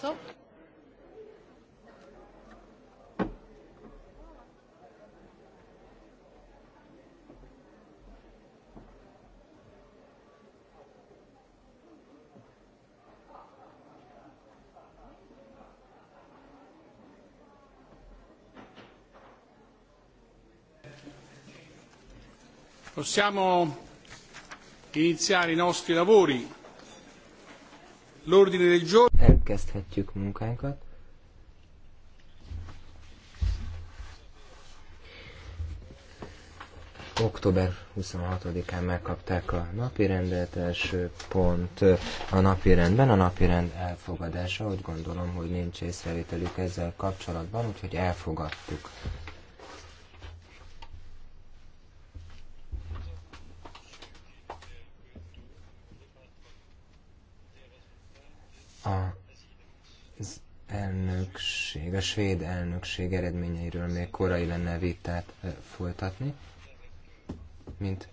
Palazzo. Possiamo iniziare i nostri lavori. L'ordine del giorno kezdhetjük munkánkat. Október 26-án megkapták a rendet, első pont a napirendben, a napirend elfogadása, úgy gondolom, hogy nincs észrevételük ezzel kapcsolatban, úgyhogy elfogadtuk. a svéd elnökség eredményeiről még korai lenne vitát folytatni. Mint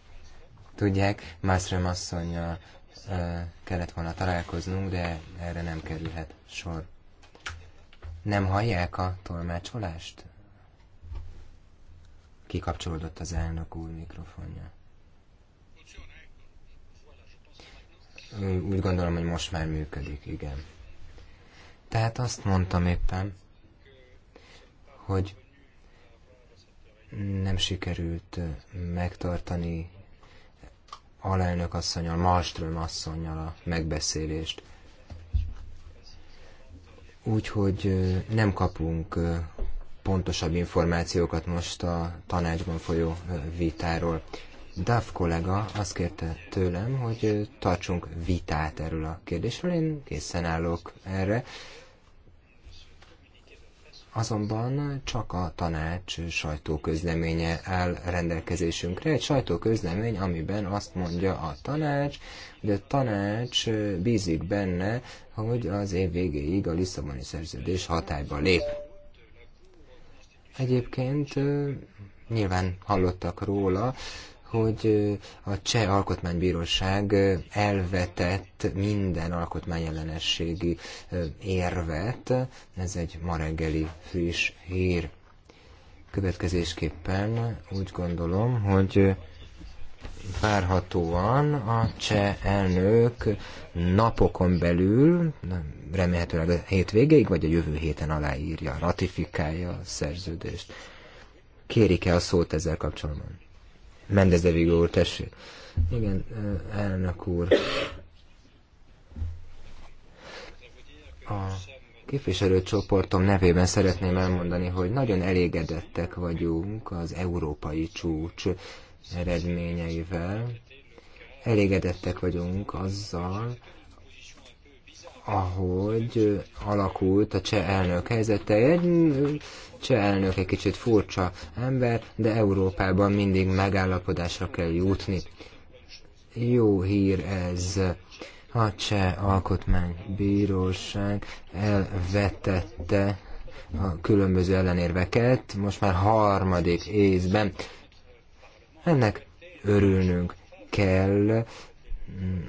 tudják, Mászröm asszonya kellett volna találkoznunk, de erre nem kerülhet sor. Nem hallják a tolmácsolást? Kikapcsolódott az elnök úr mikrofonja. Úgy gondolom, hogy most már működik, igen. Tehát azt mondtam éppen, hogy nem sikerült megtartani alelnök asszonyal, Malström asszonyal a megbeszélést. Úgyhogy nem kapunk pontosabb információkat most a tanácsban folyó vitáról. Duff kollega azt kérte tőlem, hogy tartsunk vitát erről a kérdésről, én készen állok erre. Azonban csak a tanács sajtóközleménye áll rendelkezésünkre. Egy sajtóközlemény, amiben azt mondja a tanács, hogy a tanács bízik benne, hogy az év végéig a Lisszaboni szerződés hatályba lép. Egyébként nyilván hallottak róla, hogy a Cseh Alkotmánybíróság elvetett minden alkotmányellenességi érvet. Ez egy ma reggeli friss hír. Következésképpen úgy gondolom, hogy várhatóan a cseh elnök napokon belül, remélhetőleg a hétvégéig, vagy a jövő héten aláírja, ratifikálja a szerződést. Kérik-e a szót ezzel kapcsolatban? Mendez de Vigo úr, tessék. Igen, elnök úr. A képviselőcsoportom nevében szeretném elmondani, hogy nagyon elégedettek vagyunk az európai csúcs eredményeivel. Elégedettek vagyunk azzal, ahogy alakult a cseh elnök helyzete. Egy Cseh elnök egy kicsit furcsa ember, de Európában mindig megállapodásra kell jutni. Jó hír ez. A Cseh Alkotmánybíróság elvetette a különböző ellenérveket, most már harmadik észben. Ennek örülnünk kell,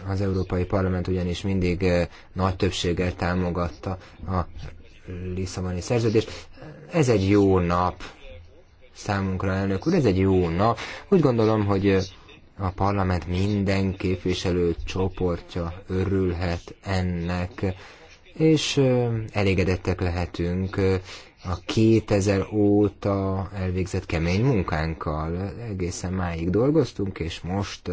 az Európai Parlament ugyanis mindig eh, nagy többséggel támogatta a Lisszaboni szerződés. Ez egy jó nap számunkra, elnök úr, ez egy jó nap. Úgy gondolom, hogy a parlament minden képviselő csoportja örülhet ennek, és elégedettek lehetünk a 2000 óta elvégzett kemény munkánkkal. Egészen máig dolgoztunk, és most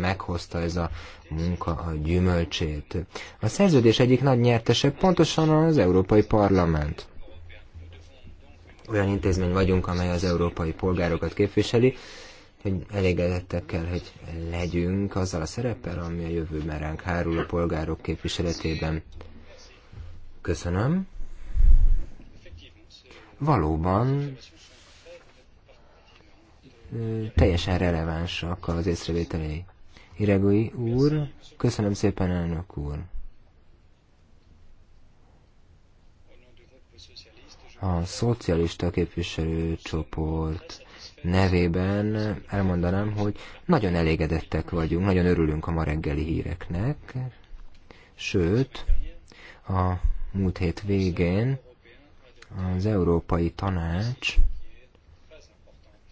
meghozta ez a munka a gyümölcsét. A szerződés egyik nagy nyertese pontosan az Európai Parlament. Olyan intézmény vagyunk, amely az európai polgárokat képviseli, hogy elégedettek kell, hogy legyünk azzal a szereppel, ami a jövőben ránk hárul a polgárok képviseletében. Köszönöm valóban teljesen relevánsak az észrevételei. Iregui úr, köszönöm szépen, elnök úr. A szocialista képviselőcsoport nevében elmondanám, hogy nagyon elégedettek vagyunk, nagyon örülünk a ma reggeli híreknek, sőt, a múlt hét végén az Európai Tanács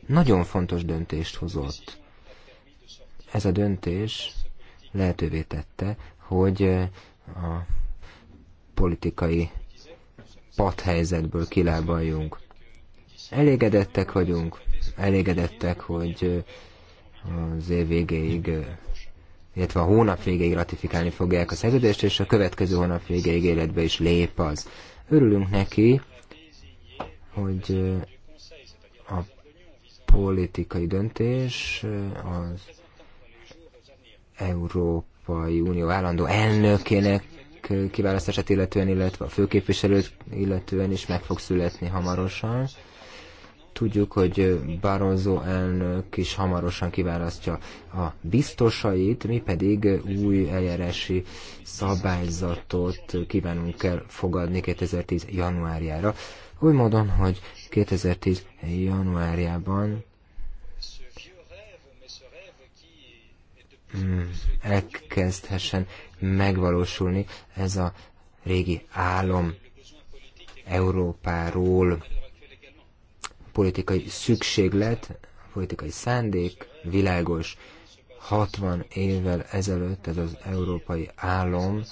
nagyon fontos döntést hozott. Ez a döntés lehetővé tette, hogy eh, a politikai padhelyzetből kilábaljunk. Elégedettek vagyunk, elégedettek, hogy eh, az év végéig, eh, illetve a hónap végéig ratifikálni fogják a szerződést, és a következő hónap végéig életbe is lép az. Örülünk neki, hogy eh, a politikai döntés eh, az Európai Unió állandó elnökének eh, kiválasztását illetően, illetve a főképviselőt illetően is meg fog születni hamarosan. Tudjuk, hogy Barroso elnök is hamarosan kiválasztja a biztosait, mi pedig új eljárási szabályzatot kívánunk el fogadni 2010. januárjára. Úgy módon, hogy 2010 januárjában mm, elkezdhessen megvalósulni ez a régi álom Európáról politikai szükséglet, politikai szándék, világos 60 évvel ezelőtt ez az európai álom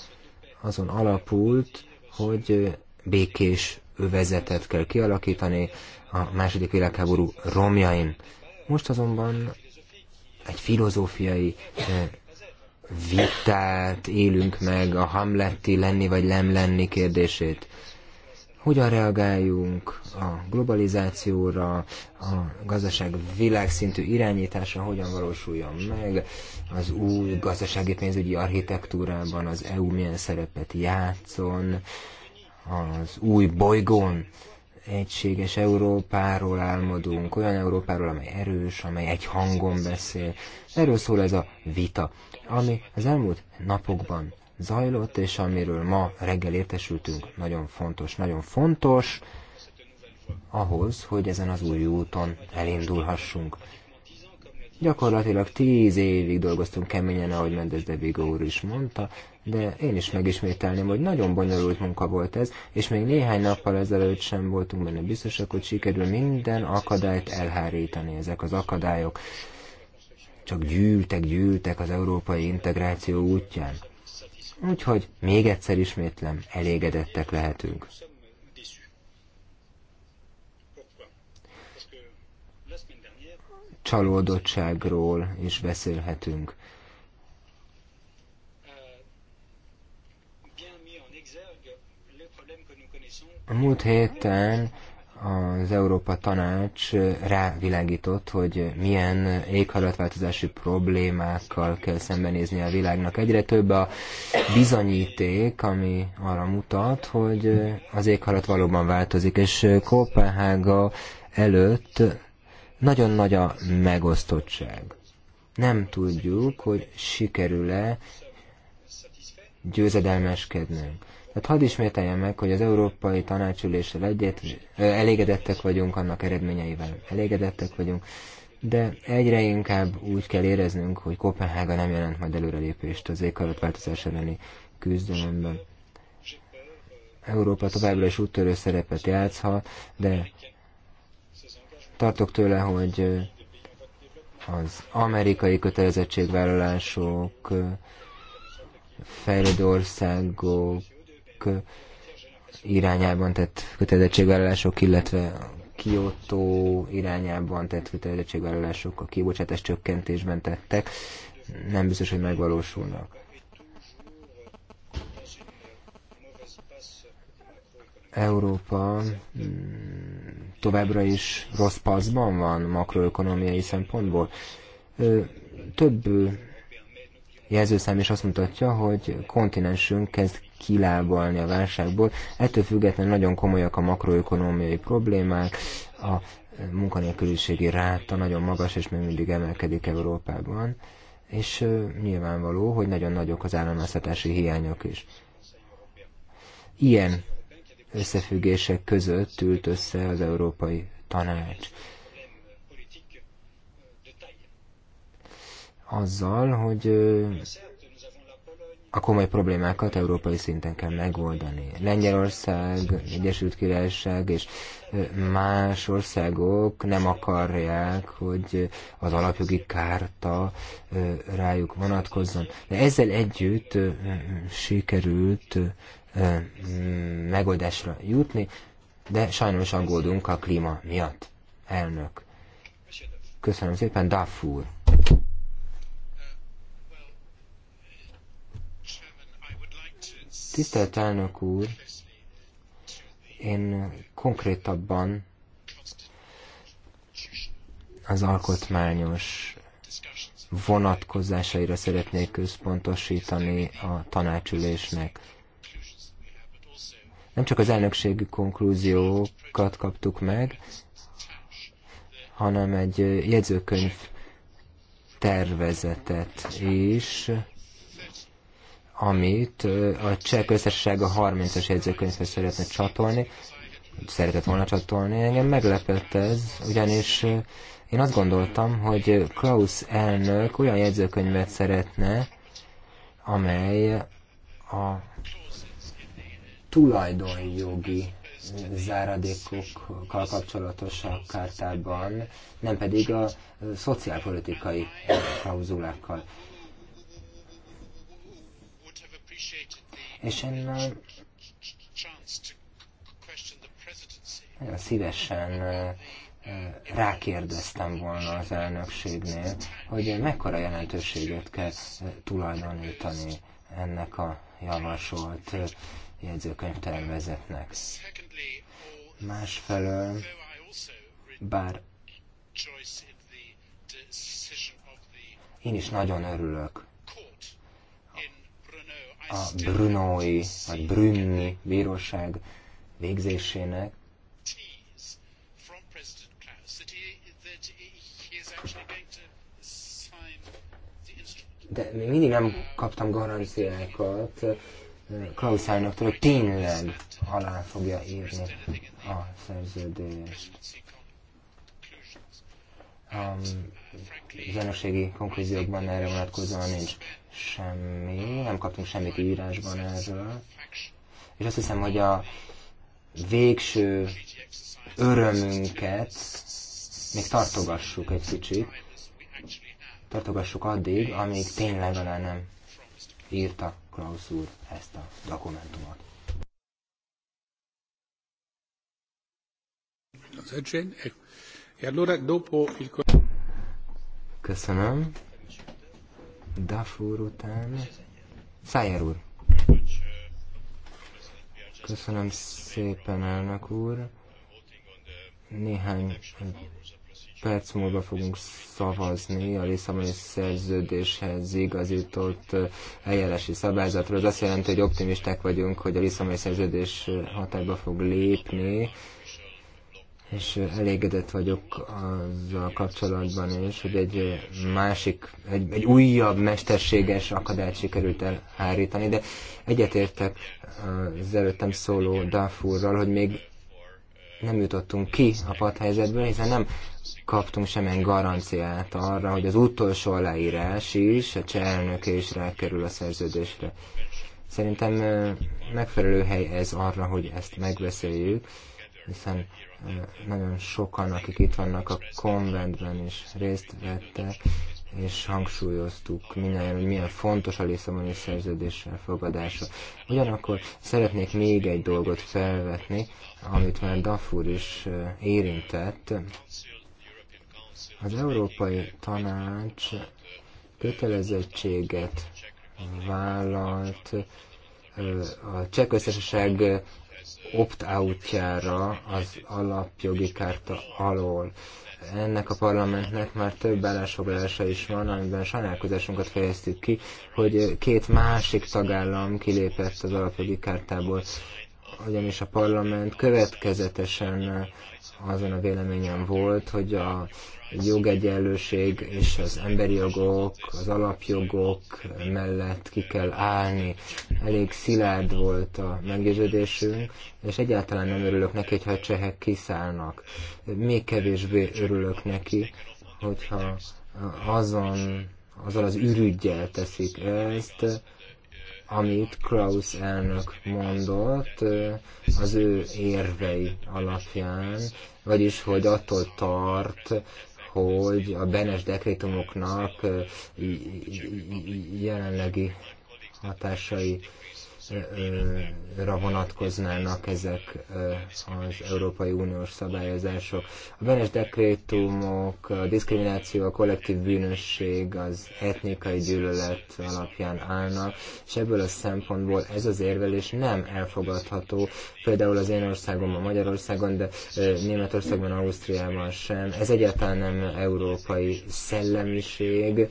azon alapult, hogy békés övezetet kell kialakítani a második világháború romjain. Most azonban egy filozófiai vitát élünk meg, a hamletti lenni vagy nem lenni kérdését. Hogyan reagáljunk a globalizációra, a gazdaság világszintű irányítása hogyan valósuljon meg, az új gazdasági pénzügyi architektúrában az EU milyen szerepet játszon, az új bolygón egységes Európáról álmodunk, olyan Európáról, amely erős, amely egy hangon beszél. Erről szól ez a vita, ami az elmúlt napokban zajlott, és amiről ma reggel értesültünk, nagyon fontos, nagyon fontos ahhoz, hogy ezen az új úton elindulhassunk. Gyakorlatilag tíz évig dolgoztunk keményen, ahogy Mendes de Vigo úr is mondta, de én is megismételném, hogy nagyon bonyolult munka volt ez, és még néhány nappal ezelőtt sem voltunk benne biztosak, hogy sikerül minden akadályt elhárítani. Ezek az akadályok csak gyűltek, gyűltek az európai integráció útján. Úgyhogy még egyszer ismétlem, elégedettek lehetünk. Csalódottságról is beszélhetünk A múlt héten az Európa Tanács rávilágított, hogy milyen éghajlatváltozási problémákkal kell szembenézni a világnak. Egyre több a bizonyíték, ami arra mutat, hogy az éghajlat valóban változik, és Kopenhága előtt nagyon nagy a megosztottság. Nem tudjuk, hogy sikerül-e győzedelmeskednünk tehát hadd ismételjem meg, hogy az Európai Tanácsüléssel egyet elégedettek vagyunk annak eredményeivel, elégedettek vagyunk, de egyre inkább úgy kell éreznünk, hogy Kopenhága nem jelent majd előrelépést az éghajlatváltozás elleni küzdelemben. Európa továbbra is úttörő szerepet játszhat, de tartok tőle, hogy az amerikai kötelezettségvállalások, fejlődő országok irányában tett kötelezettségvállalások, illetve a Kyoto irányában tett kötelezettségvállalások a kibocsátás csökkentésben tettek, nem biztos, hogy megvalósulnak. Európa mm, továbbra is rossz paszban van makroökonomiai szempontból. Több jelzőszám is azt mutatja, hogy kontinensünk kezd kilábalni a válságból. Ettől függetlenül nagyon komolyak a makroökonomiai problémák, a munkanélküliségi ráta nagyon magas, és még mindig emelkedik Európában, és nyilvánvaló, hogy nagyon nagyok az államáztatási hiányok is. Ilyen összefüggések között ült össze az Európai Tanács. Azzal, hogy a komoly problémákat európai szinten kell megoldani. Lengyelország, Egyesült Királyság és más országok nem akarják, hogy az alapjogi kárta rájuk vonatkozzon. De ezzel együtt sikerült megoldásra jutni, de sajnos aggódunk a klíma miatt. Elnök. Köszönöm szépen, Duff Tisztelt elnök úr, én konkrétabban az alkotmányos vonatkozásaira szeretnék központosítani a tanácsülésnek. Nem csak az elnökségi konklúziókat kaptuk meg, hanem egy jegyzőkönyv tervezetet is, amit a cseh köztársaság a 30-as jegyzőkönyvhez szeretne csatolni, szeretett volna csatolni. Engem meglepett ez, ugyanis én azt gondoltam, hogy Klaus elnök olyan jegyzőkönyvet szeretne, amely a tulajdonjogi záradékokkal kapcsolatos a kártában, nem pedig a szociálpolitikai klauzulákkal És én nagyon szívesen rákérdeztem volna az elnökségnél, hogy mekkora jelentőséget kell tulajdonítani ennek a javasolt jegyzőkönyvtervezetnek. Másfelől, bár én is nagyon örülök a Brunói, vagy Brünni bíróság végzésének, de még mindig nem kaptam garanciákat Klaus elnöktől, hogy tényleg alá fogja írni a szerződést. A zenőségi konklúziókban erre vonatkozóan nincs semmi, nem kaptunk semmit írásban erről. És azt hiszem, hogy a végső örömünket még tartogassuk egy kicsit. Tartogassuk addig, amíg tényleg alá nem írta Klaus úr ezt a dokumentumot. Köszönöm. Dafur után. Szájer úr. Köszönöm szépen, elnök úr. Néhány perc múlva fogunk szavazni a Lisszaboni szerződéshez igazított eljárási szabályzatról. Ez azt jelenti, hogy optimisták vagyunk, hogy a Lisszaboni szerződés hatályba fog lépni és elégedett vagyok azzal kapcsolatban is, hogy egy másik, egy, egy újabb mesterséges akadályt sikerült elhárítani, de egyetértek az előttem szóló Dafurral, hogy még nem jutottunk ki a padhelyzetből, hiszen nem kaptunk semmilyen garanciát arra, hogy az utolsó aláírás is a cselnök és rákerül a szerződésre. Szerintem megfelelő hely ez arra, hogy ezt megbeszéljük, hiszen nagyon sokan, akik itt vannak a konventben is részt vettek, és hangsúlyoztuk minden, hogy milyen fontos a Lisszaboni szerződés fogadása. Ugyanakkor szeretnék még egy dolgot felvetni, amit már Dafur is érintett. Az Európai Tanács kötelezettséget vállalt a Csehköztársaság opt-outjára az alapjogi kárta alól. Ennek a parlamentnek már több állásfoglalása is van, amiben sajnálkozásunkat fejeztük ki, hogy két másik tagállam kilépett az alapjogi kártából, ugyanis a parlament következetesen azon a véleményen volt, hogy a jogegyenlőség és az emberi jogok, az alapjogok mellett ki kell állni. Elég szilárd volt a meggyőződésünk, és egyáltalán nem örülök neki, hogyha a csehek kiszállnak. Még kevésbé örülök neki, hogyha azon, azon az ürügyjel teszik ezt, amit Klaus elnök mondott az ő érvei alapján, vagyis hogy attól tart, hogy a benes dekrétumoknak jelenlegi hatásai ra vonatkoznának ezek az Európai Uniós szabályozások. A benes dekrétumok, a diszkrimináció, a kollektív bűnösség az etnikai gyűlölet alapján állnak, és ebből a szempontból ez az érvelés nem elfogadható, például az én országomban, Magyarországon, de Németországban, Ausztriában sem. Ez egyáltalán nem európai szellemiség,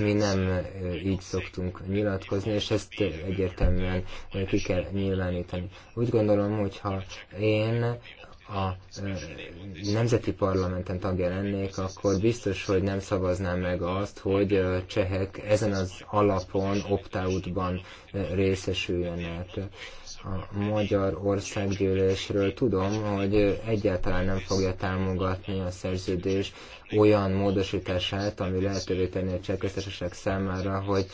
mi nem így szoktunk nyilatkozni, és ezt egyértelműen egyértelműen ki kell nyilvánítani. Úgy gondolom, hogyha én a nemzeti parlamenten tagja lennék, akkor biztos, hogy nem szavaznám meg azt, hogy csehek ezen az alapon opt-outban részesüljenek. A Magyar Országgyűlésről tudom, hogy egyáltalán nem fogja támogatni a szerződés olyan módosítását, ami lehetővé tenni a cseh számára, hogy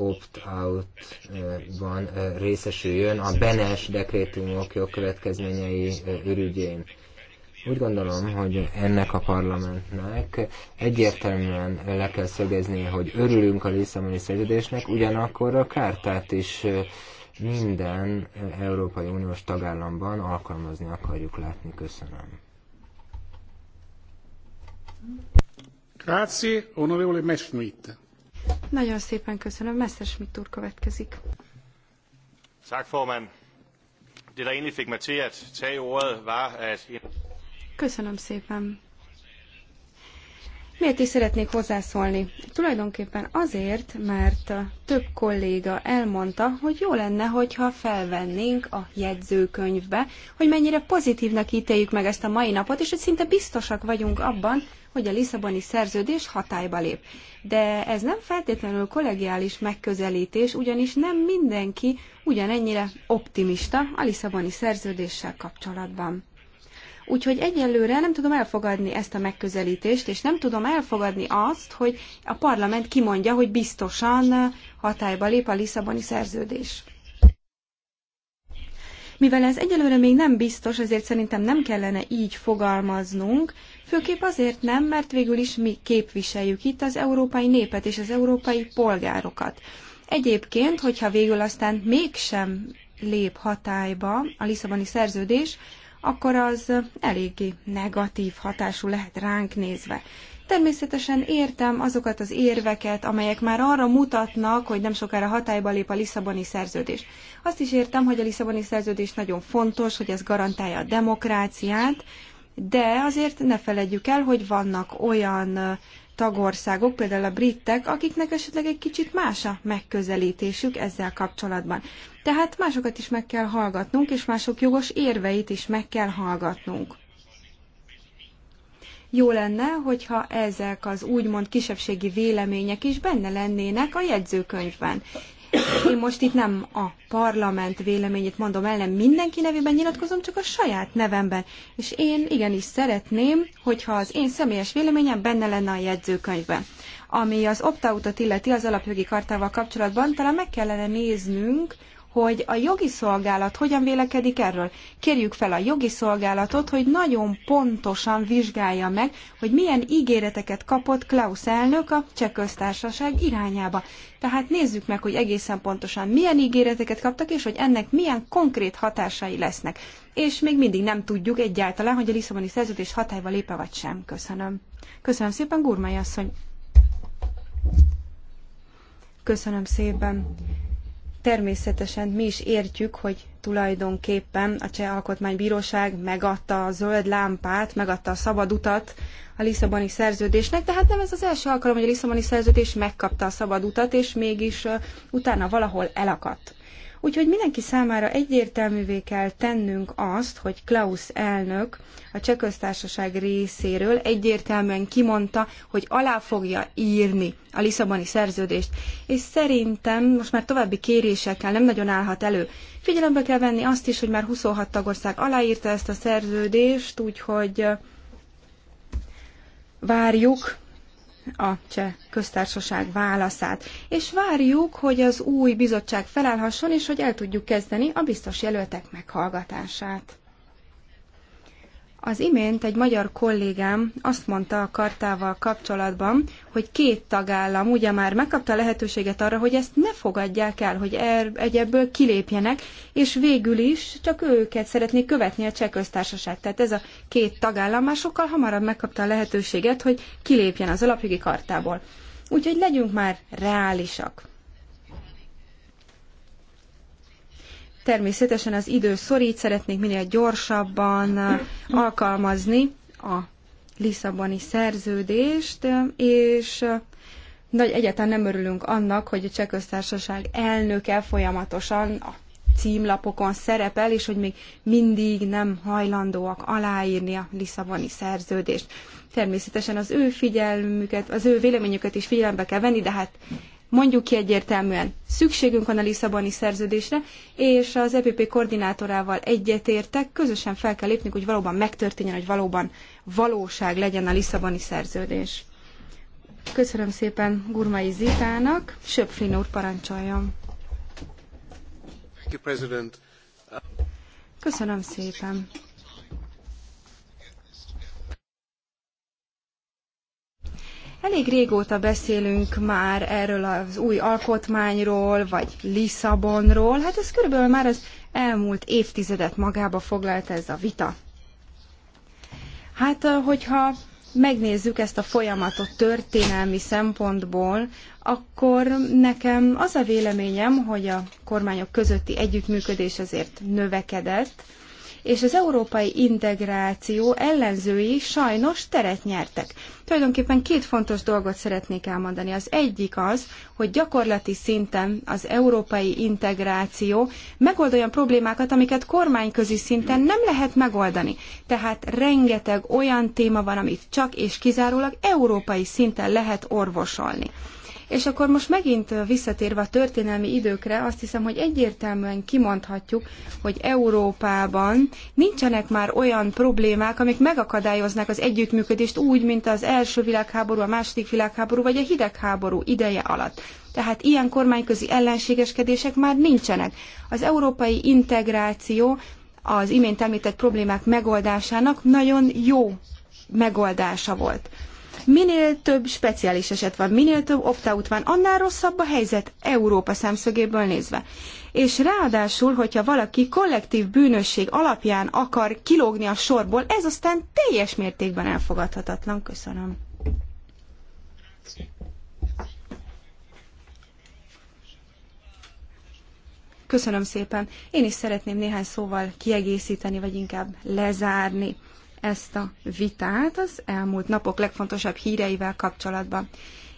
opt-out-ban eh, eh, részesüljön a Benes dekrétumok következményei eh, ürügyén. Úgy gondolom, hogy ennek a parlamentnek egyértelműen le kell szögezni, hogy örülünk a Lisszaboni szerződésnek, ugyanakkor a kártát is minden Európai Uniós tagállamban alkalmazni akarjuk látni. Köszönöm. Grazie, onorevole Messerschmidt. Nagyon szépen köszönöm. Messzes mit úr következik. Tak, formand. Det, der egentlig fik mig til at tage ordet, var, at... Köszönöm szépen. Miért is szeretnék hozzászólni? Tulajdonképpen azért, mert több kolléga elmondta, hogy jó lenne, hogyha felvennénk a jegyzőkönyvbe, hogy mennyire pozitívnak ítéljük meg ezt a mai napot, és hogy szinte biztosak vagyunk abban, hogy a Lisszaboni szerződés hatályba lép. De ez nem feltétlenül kollegiális megközelítés, ugyanis nem mindenki ugyanennyire optimista a Lisszaboni szerződéssel kapcsolatban. Úgyhogy egyelőre nem tudom elfogadni ezt a megközelítést, és nem tudom elfogadni azt, hogy a parlament kimondja, hogy biztosan hatályba lép a Lisszaboni szerződés. Mivel ez egyelőre még nem biztos, ezért szerintem nem kellene így fogalmaznunk, Főképp azért nem, mert végül is mi képviseljük itt az európai népet és az európai polgárokat. Egyébként, hogyha végül aztán mégsem lép hatályba a Lisszaboni szerződés, akkor az eléggé negatív hatású lehet ránk nézve. Természetesen értem azokat az érveket, amelyek már arra mutatnak, hogy nem sokára hatályba lép a Lisszaboni szerződés. Azt is értem, hogy a Lisszaboni szerződés nagyon fontos, hogy ez garantálja a demokráciát, de azért ne feledjük el, hogy vannak olyan tagországok, például a britek, akiknek esetleg egy kicsit más a megközelítésük ezzel kapcsolatban. Tehát másokat is meg kell hallgatnunk, és mások jogos érveit is meg kell hallgatnunk. Jó lenne, hogyha ezek az úgymond kisebbségi vélemények is benne lennének a jegyzőkönyvben, én most itt nem a parlament véleményét mondom ellen, mindenki nevében nyilatkozom, csak a saját nevemben. És én igenis szeretném, hogyha az én személyes véleményem benne lenne a jegyzőkönyvben. Ami az opt-outot illeti az alapjogi kartával kapcsolatban, talán meg kellene néznünk, hogy a jogi szolgálat hogyan vélekedik erről. Kérjük fel a jogi szolgálatot, hogy nagyon pontosan vizsgálja meg, hogy milyen ígéreteket kapott Klaus elnök a cseh köztársaság irányába. Tehát nézzük meg, hogy egészen pontosan milyen ígéreteket kaptak, és hogy ennek milyen konkrét hatásai lesznek. És még mindig nem tudjuk egyáltalán, hogy a Lisszaboni szerződés hatályba lépe vagy sem. Köszönöm. Köszönöm szépen, Gurmai asszony. Köszönöm szépen. Természetesen mi is értjük, hogy tulajdonképpen a Cseh Alkotmánybíróság megadta a zöld lámpát, megadta a szabad utat a Lisszaboni szerződésnek, de hát nem ez az első alkalom, hogy a Lisszaboni szerződés megkapta a szabad utat, és mégis utána valahol elakadt. Úgyhogy mindenki számára egyértelművé kell tennünk azt, hogy Klaus elnök a Csehköztársaság részéről egyértelműen kimondta, hogy alá fogja írni a Lisszaboni szerződést, és szerintem most már további kérésekkel nem nagyon állhat elő. Figyelembe kell venni azt is, hogy már 26 tagország aláírta ezt a szerződést, úgyhogy várjuk a cseh köztársaság válaszát, és várjuk, hogy az új bizottság felállhasson, és hogy el tudjuk kezdeni a biztos jelöltek meghallgatását. Az imént egy magyar kollégám azt mondta a kartával kapcsolatban, hogy két tagállam ugye már megkapta a lehetőséget arra, hogy ezt ne fogadják el, hogy er, egy ebből kilépjenek, és végül is csak őket szeretnék követni a cseh köztársaság. Tehát ez a két tagállam már sokkal hamarabb megkapta a lehetőséget, hogy kilépjen az alapjogi kartából. Úgyhogy legyünk már reálisak. Természetesen az idő szorít, szeretnék minél gyorsabban alkalmazni a Lisszaboni szerződést, és nagy egyáltalán nem örülünk annak, hogy a Csehköztársaság elnöke folyamatosan a címlapokon szerepel, és hogy még mindig nem hajlandóak aláírni a Lisszaboni szerződést. Természetesen az ő figyelmüket, az ő véleményüket is figyelembe kell venni, de hát Mondjuk ki egyértelműen, szükségünk van a Lisszaboni szerződésre, és az EPP koordinátorával egyetértek, közösen fel kell lépnünk, hogy valóban megtörténjen, hogy valóban valóság legyen a Lisszaboni szerződés. Köszönöm szépen Gurmai Zitának, Söpflin úr parancsoljon. Köszönöm szépen. Elég régóta beszélünk már erről az új alkotmányról, vagy Lisszabonról. Hát ez körülbelül már az elmúlt évtizedet magába foglalt ez a vita. Hát, eh, hogyha megnézzük ezt a folyamatot történelmi szempontból, akkor nekem az a véleményem, hogy a kormányok közötti együttműködés azért növekedett, és az európai integráció ellenzői sajnos teret nyertek. Tulajdonképpen két fontos dolgot szeretnék elmondani. Az egyik az, hogy gyakorlati szinten az európai integráció megold olyan problémákat, amiket kormányközi szinten nem lehet megoldani. Tehát rengeteg olyan téma van, amit csak és kizárólag európai szinten lehet orvosolni. És akkor most megint visszatérve a történelmi időkre, azt hiszem, hogy egyértelműen kimondhatjuk, hogy Európában nincsenek már olyan problémák, amik megakadályoznak az együttműködést úgy, mint az első világháború, a második világháború vagy a hidegháború ideje alatt. Tehát ilyen kormányközi ellenségeskedések már nincsenek. Az európai integráció az imént említett problémák megoldásának nagyon jó megoldása volt. Minél több speciális eset van, minél több opt-out van, annál rosszabb a helyzet Európa szemszögéből nézve. És ráadásul, hogyha valaki kollektív bűnösség alapján akar kilógni a sorból, ez aztán teljes mértékben elfogadhatatlan. Köszönöm. Köszönöm szépen. Én is szeretném néhány szóval kiegészíteni, vagy inkább lezárni ezt a vitát az elmúlt napok legfontosabb híreivel kapcsolatban.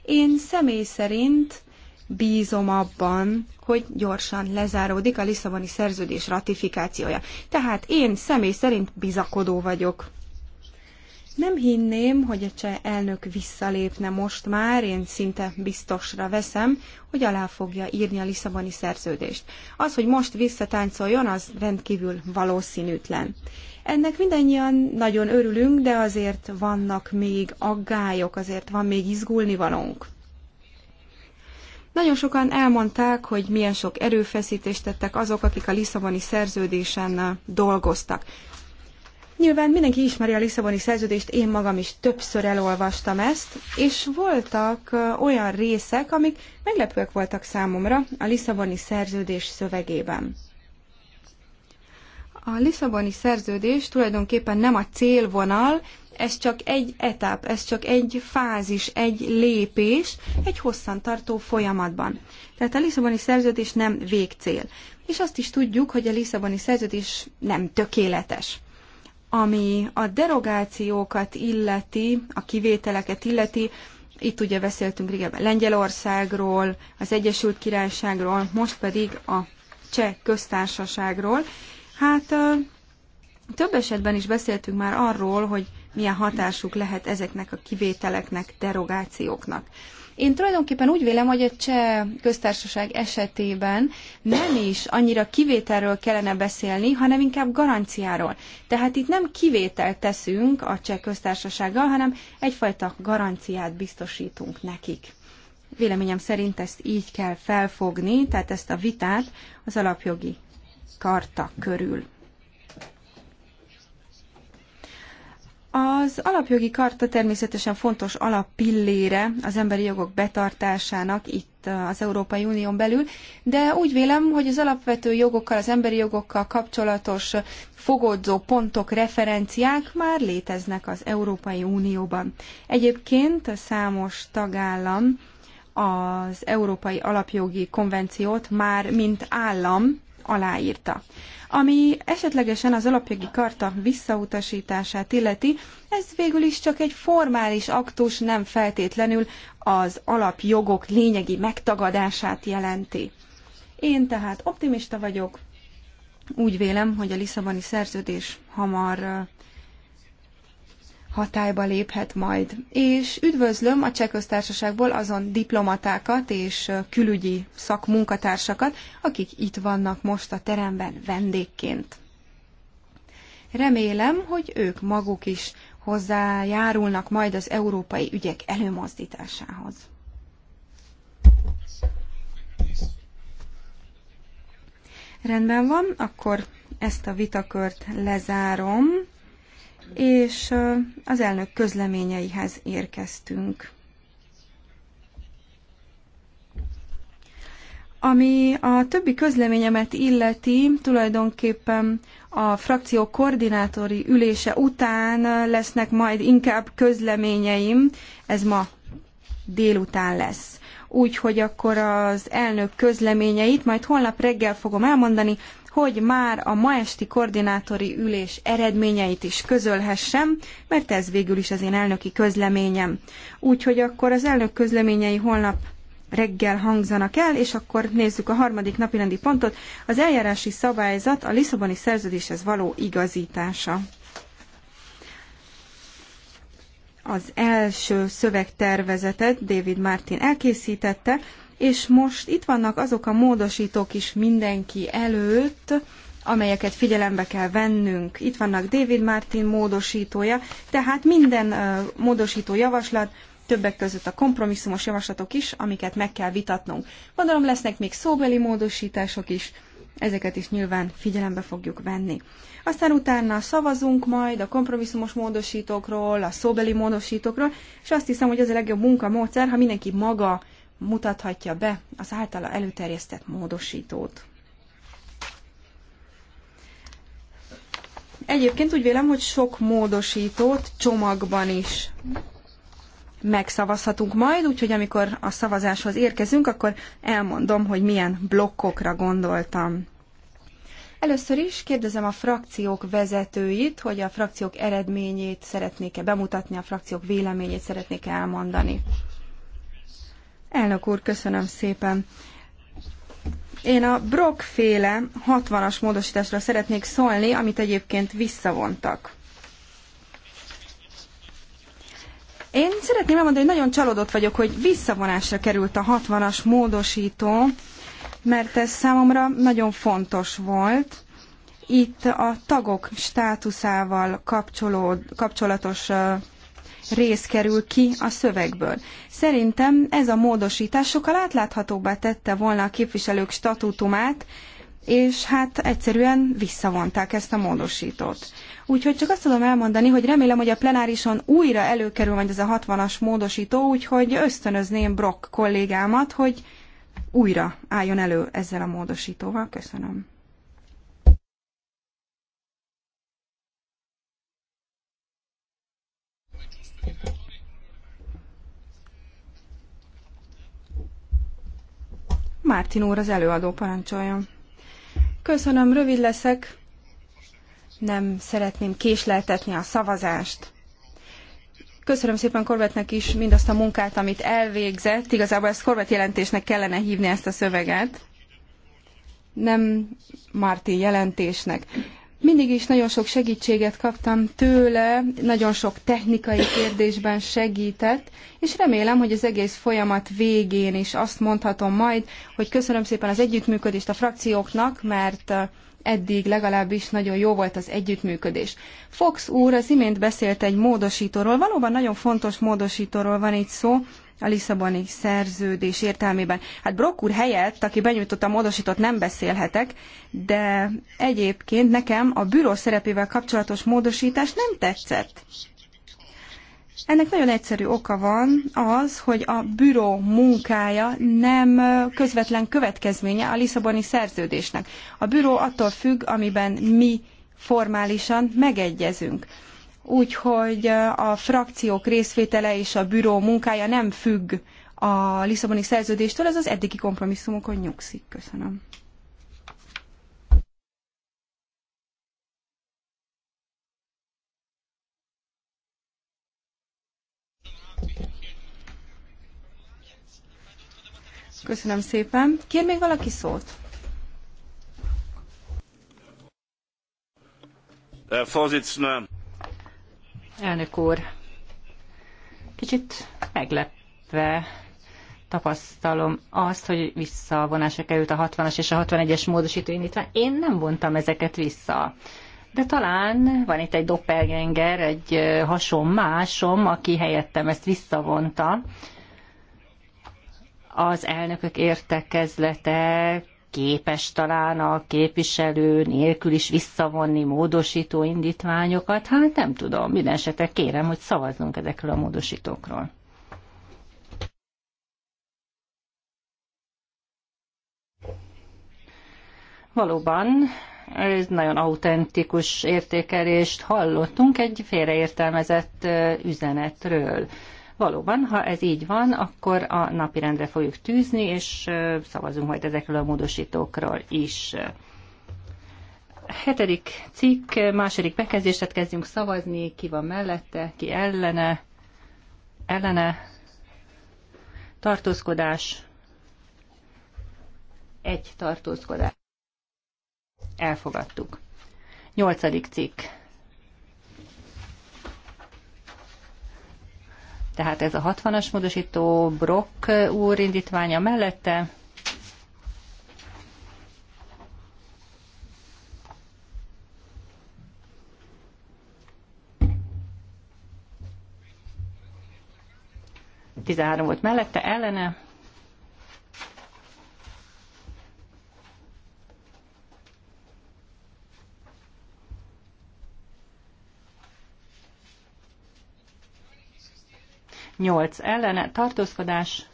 Én személy szerint bízom abban, hogy gyorsan lezáródik a Lisszaboni szerződés ratifikációja. Tehát én személy szerint bizakodó vagyok. Nem hinném, hogy a cseh elnök visszalépne most már, én szinte biztosra veszem, hogy alá fogja írni a Lisszaboni szerződést. Az, hogy most visszatáncoljon, az rendkívül valószínűtlen. Ennek mindannyian nagyon örülünk, de azért vannak még aggályok, azért van még izgulnivalónk. Nagyon sokan elmondták, hogy milyen sok erőfeszítést tettek azok, akik a Lisszaboni szerződésen dolgoztak. Nyilván mindenki ismeri a Lisszaboni szerződést, én magam is többször elolvastam ezt, és voltak olyan részek, amik meglepőek voltak számomra a Lisszaboni szerződés szövegében. A Lisszaboni szerződés tulajdonképpen nem a célvonal, ez csak egy etap, ez csak egy fázis, egy lépés egy hosszantartó folyamatban. Tehát a Lisszaboni szerződés nem végcél. És azt is tudjuk, hogy a Lisszaboni szerződés nem tökéletes. Ami a derogációkat illeti, a kivételeket illeti, itt ugye beszéltünk régebben Lengyelországról, az Egyesült Királyságról, most pedig a Cseh köztársaságról, Hát több esetben is beszéltünk már arról, hogy milyen hatásuk lehet ezeknek a kivételeknek, derogációknak. Én tulajdonképpen úgy vélem, hogy a cseh köztársaság esetében nem is annyira kivételről kellene beszélni, hanem inkább garanciáról. Tehát itt nem kivételt teszünk a cseh köztársasággal, hanem egyfajta garanciát biztosítunk nekik. Véleményem szerint ezt így kell felfogni, tehát ezt a vitát az alapjogi karta körül. Az alapjogi karta természetesen fontos alappillére az emberi jogok betartásának itt az Európai Unión belül, de úgy vélem, hogy az alapvető jogokkal, az emberi jogokkal kapcsolatos fogodzó pontok, referenciák már léteznek az Európai Unióban. Egyébként számos tagállam az Európai Alapjogi Konvenciót már mint állam aláírta. Ami esetlegesen az alapjogi karta visszautasítását illeti, ez végül is csak egy formális aktus, nem feltétlenül az alapjogok lényegi megtagadását jelenti. Én tehát optimista vagyok, úgy vélem, hogy a Lisszaboni szerződés hamar hatályba léphet majd. És üdvözlöm a Csehköztársaságból azon diplomatákat és külügyi szakmunkatársakat, akik itt vannak most a teremben vendégként. Remélem, hogy ők maguk is hozzájárulnak majd az európai ügyek előmozdításához. Rendben van, akkor ezt a vitakört lezárom és az elnök közleményeihez érkeztünk. Ami a többi közleményemet illeti, tulajdonképpen a frakció koordinátori ülése után lesznek majd inkább közleményeim, ez ma délután lesz. Úgyhogy akkor az elnök közleményeit majd holnap reggel fogom elmondani, hogy már a ma esti koordinátori ülés eredményeit is közölhessem, mert ez végül is az én elnöki közleményem. Úgyhogy akkor az elnök közleményei holnap reggel hangzanak el, és akkor nézzük a harmadik napirendi pontot, az eljárási szabályzat a Lisszaboni szerződéshez való igazítása. Az első szövegtervezetet David Martin elkészítette, és most itt vannak azok a módosítók is mindenki előtt, amelyeket figyelembe kell vennünk. Itt vannak David Martin módosítója, tehát minden módosító javaslat, többek között a kompromisszumos javaslatok is, amiket meg kell vitatnunk. Gondolom lesznek még szóbeli módosítások is, ezeket is nyilván figyelembe fogjuk venni. Aztán utána szavazunk majd a kompromisszumos módosítókról, a szóbeli módosítókról, és azt hiszem, hogy ez a legjobb munkamódszer, ha mindenki maga mutathatja be az általa előterjesztett módosítót. Egyébként úgy vélem, hogy sok módosítót csomagban is megszavazhatunk majd, úgyhogy amikor a szavazáshoz érkezünk, akkor elmondom, hogy milyen blokkokra gondoltam. Először is kérdezem a frakciók vezetőit, hogy a frakciók eredményét szeretnék-e bemutatni, a frakciók véleményét szeretnék-e elmondani. Elnök úr, köszönöm szépen. Én a Brock féle 60-as módosításra szeretnék szólni, amit egyébként visszavontak. Én szeretném elmondani, hogy nagyon csalódott vagyok, hogy visszavonásra került a 60-as módosító, mert ez számomra nagyon fontos volt. Itt a tagok státuszával kapcsolód, kapcsolatos rész kerül ki a szövegből. Szerintem ez a módosítás sokkal átláthatóbbá tette volna a képviselők statútumát, és hát egyszerűen visszavonták ezt a módosítót. Úgyhogy csak azt tudom elmondani, hogy remélem, hogy a plenárison újra előkerül majd ez a 60-as módosító, úgyhogy ösztönözném Brock kollégámat, hogy újra álljon elő ezzel a módosítóval. Köszönöm. Mártin úr az előadó parancsolja. Köszönöm, rövid leszek. Nem szeretném késleltetni a szavazást. Köszönöm szépen Korvetnek is mindazt a munkát, amit elvégzett. Igazából ezt Korvet jelentésnek kellene hívni ezt a szöveget. Nem Márti jelentésnek. Mindig is nagyon sok segítséget kaptam tőle, nagyon sok technikai kérdésben segített, és remélem, hogy az egész folyamat végén is azt mondhatom majd, hogy köszönöm szépen az együttműködést a frakcióknak, mert uh, eddig legalábbis nagyon jó volt az együttműködés. Fox úr az imént beszélt egy módosítóról, valóban nagyon fontos módosítóról van itt szó, a Lisszaboni szerződés értelmében. Hát Brock úr helyett, aki benyújtotta a módosítót, nem beszélhetek, de egyébként nekem a bűró szerepével kapcsolatos módosítás nem tetszett. Ennek nagyon egyszerű oka van az, hogy a büró munkája nem közvetlen következménye a Lisszaboni szerződésnek. A büró attól függ, amiben mi formálisan megegyezünk úgyhogy a frakciók részvétele és a büró munkája nem függ a Lisszaboni szerződéstől, ez az eddigi kompromisszumokon nyugszik. Köszönöm. Köszönöm szépen. Kér még valaki szót? Herr Elnök úr, kicsit meglepve tapasztalom azt, hogy visszavonásra került a 60-as és a 61-es módosító indítvány. Én nem vontam ezeket vissza. De talán van itt egy doppelgenger, egy hason másom, aki helyettem ezt visszavonta. Az elnökök értekezlete képes talán a képviselő nélkül is visszavonni módosító indítványokat? Hát nem tudom, minden esetre kérem, hogy szavazzunk ezekről a módosítókról. Valóban, ez nagyon autentikus értékelést hallottunk egy félreértelmezett üzenetről. Valóban, ha ez így van, akkor a napirendre fogjuk tűzni, és szavazunk majd ezekről a módosítókról is. Hetedik cikk, második bekezdés, tehát kezdjünk szavazni, ki van mellette, ki ellene, ellene, tartózkodás, egy tartózkodás. Elfogadtuk. Nyolcadik cikk. Tehát ez a 60-as módosító Brock úr indítványa mellette. Tizenhárom volt mellette, ellene. 8 ellene, tartózkodás,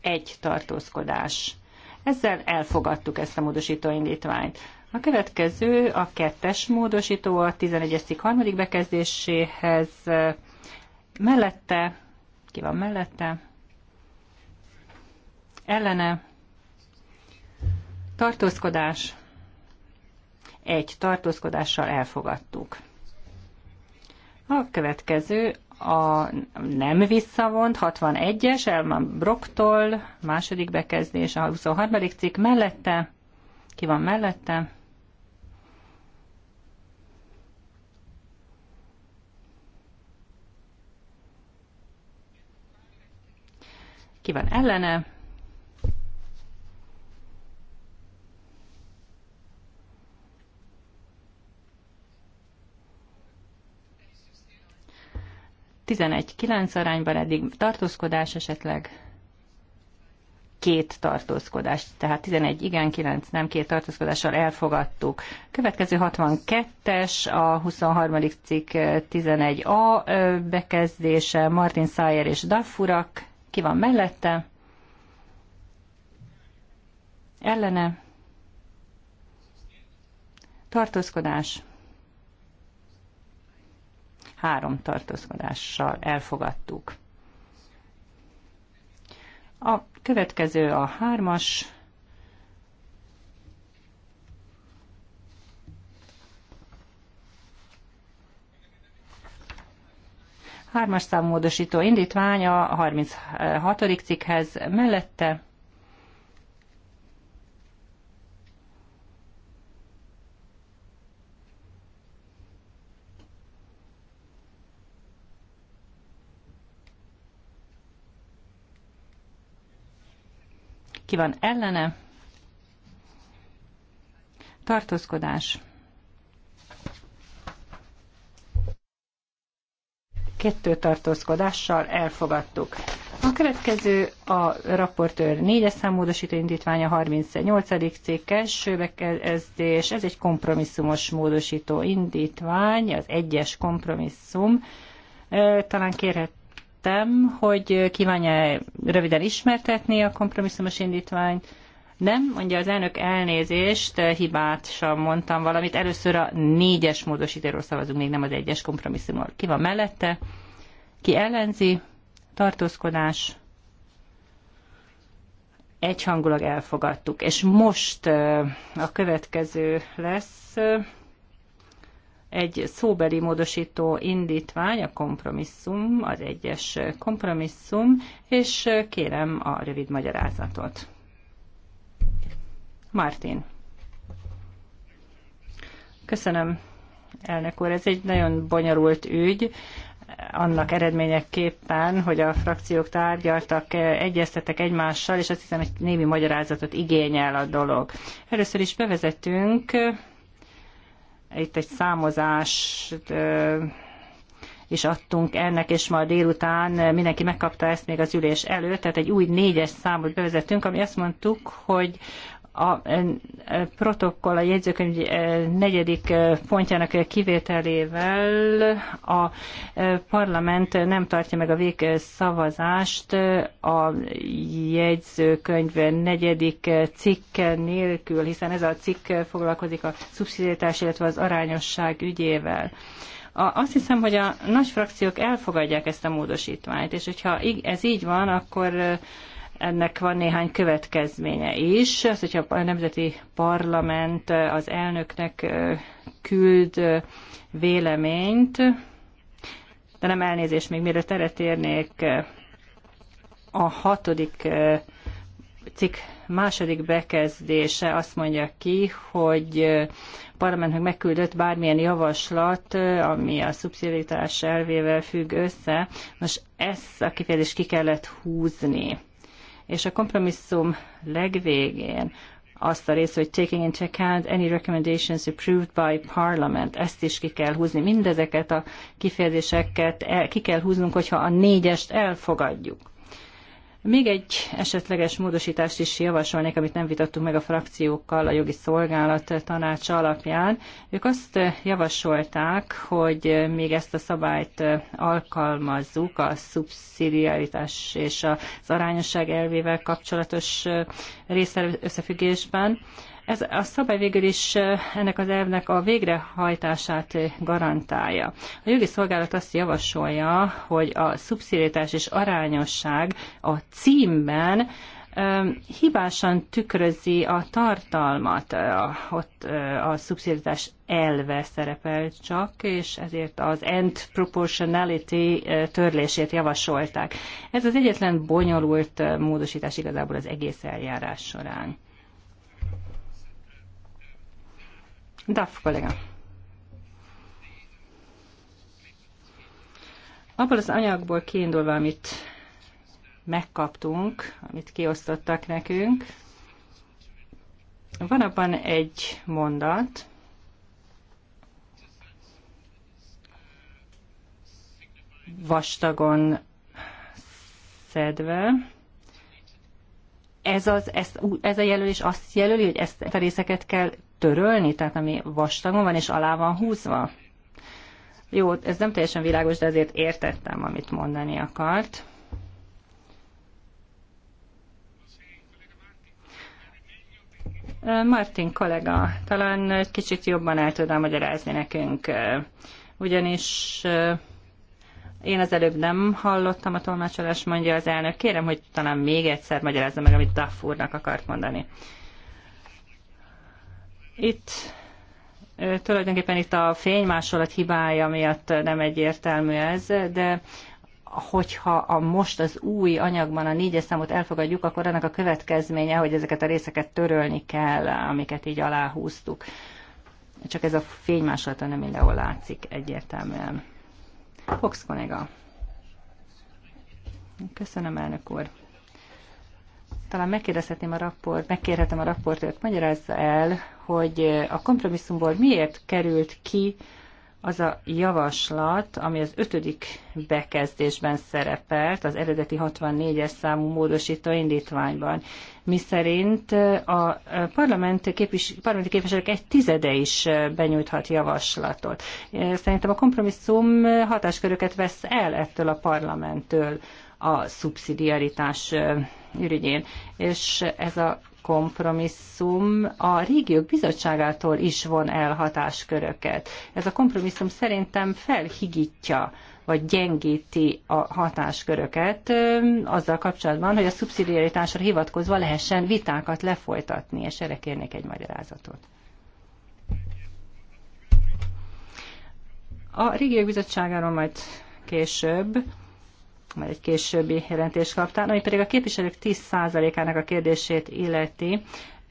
egy tartózkodás. Ezzel elfogadtuk ezt a módosítóindítványt. A következő a kettes módosító a 11. cikk harmadik bekezdéséhez. Mellette, ki van mellette? Ellene, tartózkodás, egy tartózkodással elfogadtuk. A következő a nem visszavont 61-es Elman Brocktól, második bekezdés, a 23. cikk mellette. Ki van mellette? Ki van ellene? 11-9 arányban eddig tartózkodás esetleg két tartózkodás, tehát 11 igen, 9 nem, két tartózkodással elfogadtuk. Következő 62-es, a 23. cikk 11a bekezdése, Martin Sayer és Daffurak, ki van mellette? Ellene? Tartózkodás három tartózkodással elfogadtuk. A következő a hármas. Hármas számú módosító indítvány a 36. Eh, cikkhez mellette ki van ellene, tartózkodás. Kettő tartózkodással elfogadtuk. A következő a raportőr 4-es számmódosító indítványa 38. cikk első bekezdés. Ez egy kompromisszumos módosító indítvány, az egyes kompromisszum. Talán kérhet értettem, hogy kívánja röviden ismertetni a kompromisszumos indítványt. Nem, mondja az elnök elnézést, hibát sem mondtam valamit. Először a négyes módosítéről szavazunk, még nem az egyes kompromisszumról. Ki van mellette? Ki ellenzi? Tartózkodás? Egyhangulag elfogadtuk. És most a következő lesz egy szóbeli módosító indítvány, a kompromisszum, az egyes kompromisszum, és kérem a rövid magyarázatot. Martin. Köszönöm, elnök úr. Ez egy nagyon bonyolult ügy annak eredményeképpen, hogy a frakciók tárgyaltak, egyeztetek egymással, és azt hiszem, hogy némi magyarázatot igényel a dolog. Először is bevezetünk itt egy számozást is adtunk ennek, és ma délután mindenki megkapta ezt még az ülés előtt, tehát egy új négyes számot bevezettünk, ami azt mondtuk, hogy a e, e, protokoll a jegyzőkönyv e, negyedik pontjának kivételével a parlament nem tartja meg a végszavazást a jegyzőkönyv negyedik cikke nélkül, hiszen ez a cikk foglalkozik a szubszidiaritás, illetve az arányosság ügyével. A, azt hiszem, hogy a nagy frakciók elfogadják ezt a módosítványt, és hogyha ez így van, akkor ennek van néhány következménye is. Az, hogyha a Nemzeti Parlament az elnöknek küld véleményt, de nem elnézést, még mire teret érnék, a hatodik cikk második bekezdése azt mondja ki, hogy parlamentnek megküldött bármilyen javaslat, ami a szubszidiaritás elvével függ össze. Most ezt a kifejezést ki kellett húzni és a kompromisszum legvégén azt a részt, hogy taking into account any recommendations approved by parliament, ezt is ki kell húzni. Mindezeket a kifejezéseket el, ki kell húznunk, hogyha a négyest elfogadjuk. Még egy esetleges módosítást is javasolnék, amit nem vitattunk meg a frakciókkal a jogi szolgálat tanács alapján. Ők azt javasolták, hogy még ezt a szabályt alkalmazzuk a szubszidiaritás és az arányosság elvével kapcsolatos része összefüggésben. Ez a szabály végül is ennek az elvnek a végrehajtását garantálja. A jogi szolgálat azt javasolja, hogy a szubszidiaritás és arányosság a címben hibásan tükrözi a tartalmat, ott a szubszidiaritás elve szerepel csak, és ezért az end proportionality törlését javasolták. Ez az egyetlen bonyolult módosítás igazából az egész eljárás során. Duff kollega. Abból az anyagból kiindulva, amit megkaptunk, amit kiosztottak nekünk, van abban egy mondat, vastagon szedve. Ez, az, ez, ez a jelölés azt jelöli, hogy ezt a részeket kell törölni, tehát ami vastagon van és alá van húzva? Jó, ez nem teljesen világos, de azért értettem, amit mondani akart. Martin kollega, talán egy kicsit jobban el tudnám magyarázni nekünk, ugyanis én az előbb nem hallottam a tolmácsolás, mondja az elnök. Kérem, hogy talán még egyszer magyarázza meg, amit Duff úrnak akart mondani. Itt tulajdonképpen itt a fénymásolat hibája miatt nem egyértelmű ez, de hogyha a most az új anyagban a négyes számot elfogadjuk, akkor ennek a következménye, hogy ezeket a részeket törölni kell, amiket így aláhúztuk. Csak ez a fénymásolata nem mindenhol látszik egyértelműen. Fox kollega. Köszönöm, elnök úr talán megkérdezhetném a rapport, megkérhetem a rapportőrt, magyarázza el, hogy a kompromisszumból miért került ki az a javaslat, ami az ötödik bekezdésben szerepelt, az eredeti 64-es számú módosító indítványban, miszerint a parlament képvis, parlamenti képviselők egy tizede is benyújthat javaslatot. Szerintem a kompromisszum hatásköröket vesz el ettől a parlamenttől a szubszidiaritás ürügyén. És ez a kompromisszum a régiók bizottságától is von el hatásköröket. Ez a kompromisszum szerintem felhigítja vagy gyengíti a hatásköröket azzal kapcsolatban, hogy a szubszidiaritásra hivatkozva lehessen vitákat lefolytatni, és erre kérnék egy magyarázatot. A régiók bizottságáról majd később majd egy későbbi jelentés kaptán, ami pedig a képviselők 10%-ának a kérdését illeti.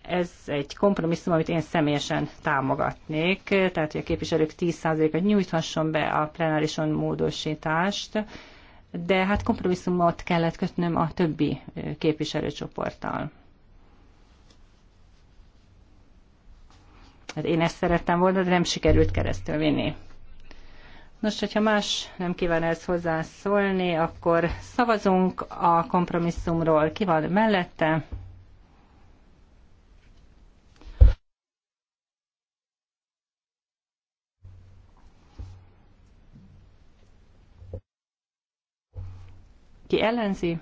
Ez egy kompromisszum, amit én személyesen támogatnék, tehát hogy a képviselők 10%-a nyújthasson be a plenárison módosítást, de hát kompromisszumot kellett kötnöm a többi képviselőcsoporttal. Hát én ezt szerettem volna, de nem sikerült keresztül vinni. Nos, hogyha más nem kíván ezt hozzászólni, akkor szavazunk a kompromisszumról. Ki van mellette? Ki ellenzi?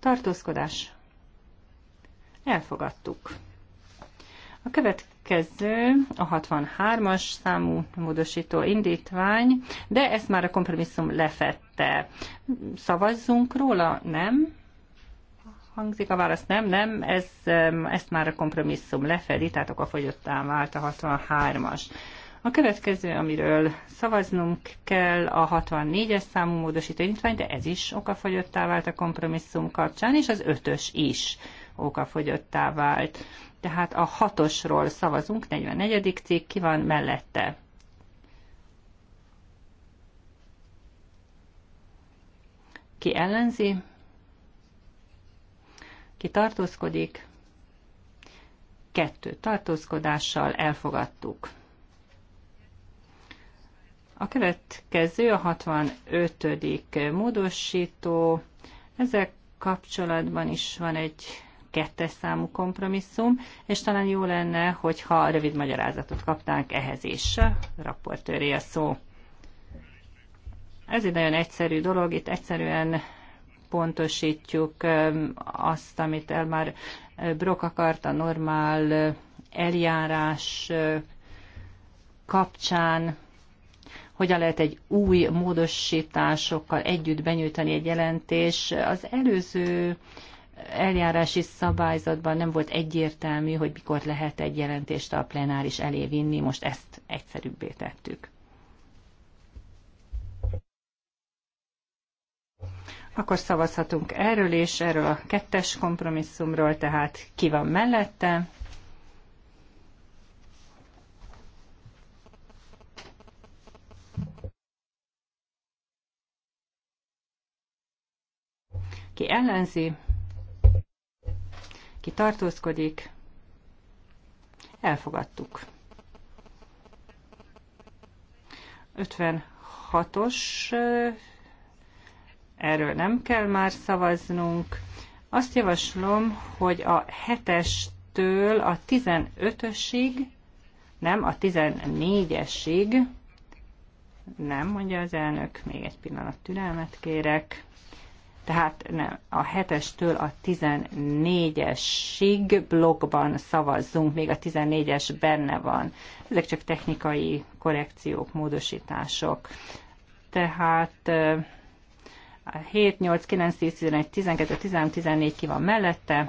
Tartózkodás. Elfogadtuk. A következő a 63-as számú módosító indítvány, de ezt már a kompromisszum lefette. Szavazzunk róla? Nem? Hangzik a válasz, nem, nem, ez, ezt már a kompromisszum lefedi, tehát akkor fogyottán vált a 63-as. A következő, amiről szavaznunk kell, a 64-es számú módosító indítvány, de ez is okafogyottá vált a kompromisszum kapcsán, és az 5-ös is okafogyottá vált. Tehát a hatosról szavazunk, 44. cikk, ki van mellette? Ki ellenzi? Ki tartózkodik? Kettő tartózkodással elfogadtuk. A következő a 65. módosító. Ezek kapcsolatban is van egy kettes számú kompromisszum, és talán jó lenne, hogyha rövid magyarázatot kapnánk ehhez is. Rapportőré a szó. Ez egy nagyon egyszerű dolog, itt egyszerűen pontosítjuk azt, amit el már Brok akart a normál eljárás kapcsán, hogyan lehet egy új módosításokkal együtt benyújtani egy jelentés. Az előző eljárási szabályzatban nem volt egyértelmű, hogy mikor lehet egy jelentést a plenáris elé vinni, most ezt egyszerűbbé tettük. Akkor szavazhatunk erről és erről a kettes kompromisszumról, tehát ki van mellette. Ki ellenzi? ki tartózkodik, elfogadtuk. 56-os, erről nem kell már szavaznunk. Azt javaslom, hogy a 7-estől a 15-ösig, nem, a 14-esig, nem, mondja az elnök, még egy pillanat türelmet kérek. Tehát nem, a 7-estől a 14-esig blogban szavazzunk, még a 14-es benne van. Ezek csak technikai korrekciók, módosítások. Tehát a 7, 8, 9, 10, 11, 12, 13, 14 ki van mellette.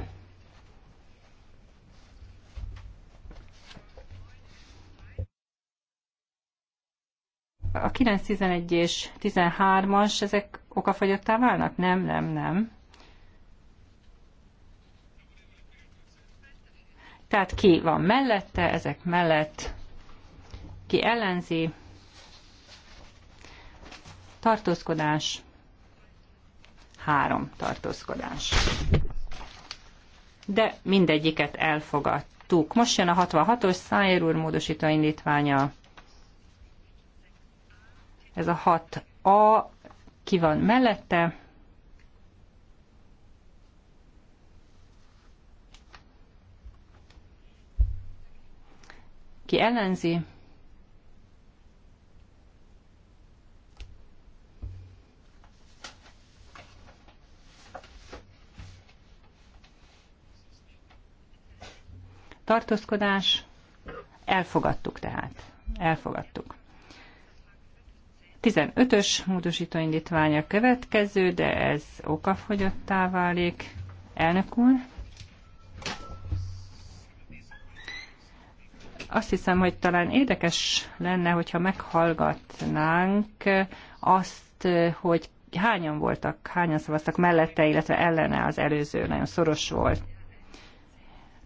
A 9, 11 és 13-as, ezek okafagyottá válnak? Nem, nem, nem. Tehát ki van mellette, ezek mellett, ki ellenzi, tartózkodás, három tartózkodás. De mindegyiket elfogadtuk. Most jön a 66-os Szájér úr módosító indítványa. Ez a 6A ki van mellette, ki ellenzi, tartózkodás, elfogadtuk tehát, elfogadtuk. 15-ös módosító indítványa következő, de ez okafogyottá válik. Elnök úr. Azt hiszem, hogy talán érdekes lenne, hogyha meghallgatnánk azt, hogy hányan voltak, hányan szavaztak mellette, illetve ellene az előző, nagyon szoros volt.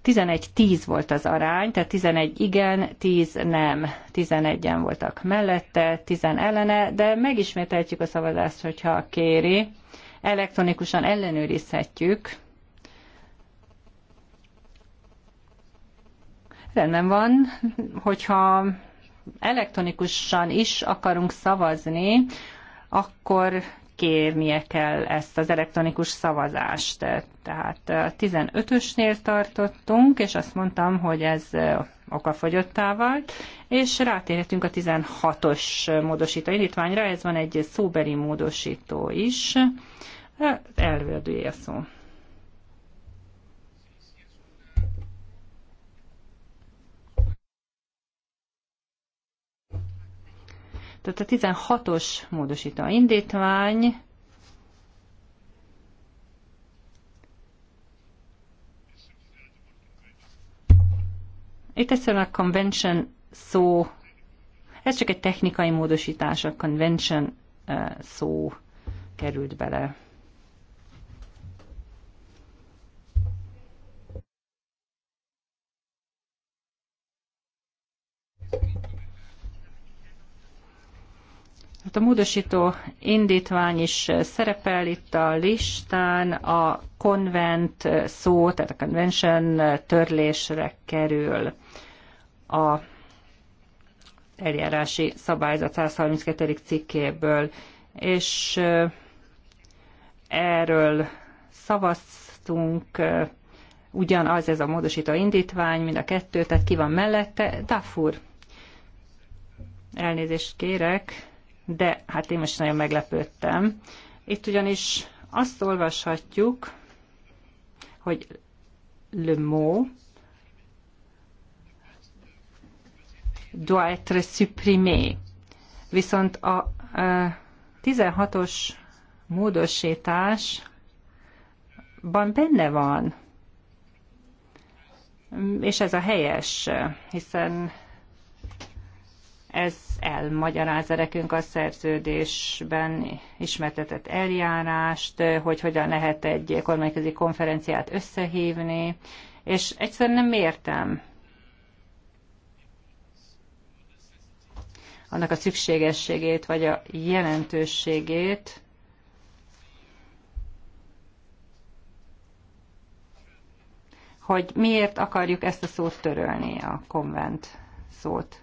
11-10 volt az arány, tehát 11 igen, 10 nem. 11-en voltak mellette, 10 ellene, de megismételjük a szavazást, hogyha kéri. Elektronikusan ellenőrizhetjük. Rendben van, hogyha elektronikusan is akarunk szavazni, akkor kérnie kell ezt az elektronikus szavazást. Tehát 15-ösnél tartottunk, és azt mondtam, hogy ez okafogyottá vált, és rátérhetünk a 16-os módosító indítványra, ez van egy szóbeli módosító is. a szó. Tehát a 16-os módosító indítvány Itt egyszerűen a convention szó, ez csak egy technikai módosítás, a convention eh, szó került bele. Hát a módosító indítvány is szerepel itt a listán, a konvent szó, tehát a convention törlésre kerül a eljárási szabályzat 132. cikkéből, és erről szavaztunk, ugyanaz ez a módosító indítvány, mind a kettő, tehát ki van mellette. Dafur. elnézést kérek, de hát én most nagyon meglepődtem. Itt ugyanis azt olvashatjuk, hogy Le mot doit être supprimé. Viszont a, a 16-os módosításban benne van, és ez a helyes, hiszen ez elmagyarázza nekünk a szerződésben ismertetett eljárást, hogy hogyan lehet egy kormányközi konferenciát összehívni, és egyszerűen nem értem annak a szükségességét, vagy a jelentőségét, hogy miért akarjuk ezt a szót törölni, a konvent szót.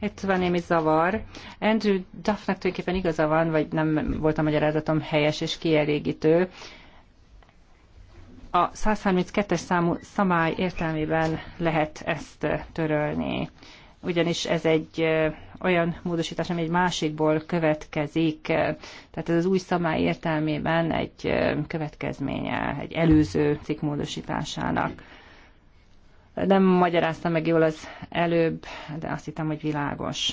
Itt van némi zavar. Andrew Duffnak tulajdonképpen igaza van, vagy nem volt a magyarázatom helyes és kielégítő. A 132-es számú szamály értelmében lehet ezt eh, törölni ugyanis ez egy eh, olyan módosítás, ami egy másikból következik, tehát ez az új szabály értelmében egy eh, következménye, egy előző cikk módosításának. Nem magyaráztam meg jól az előbb, de azt hittem, hogy világos.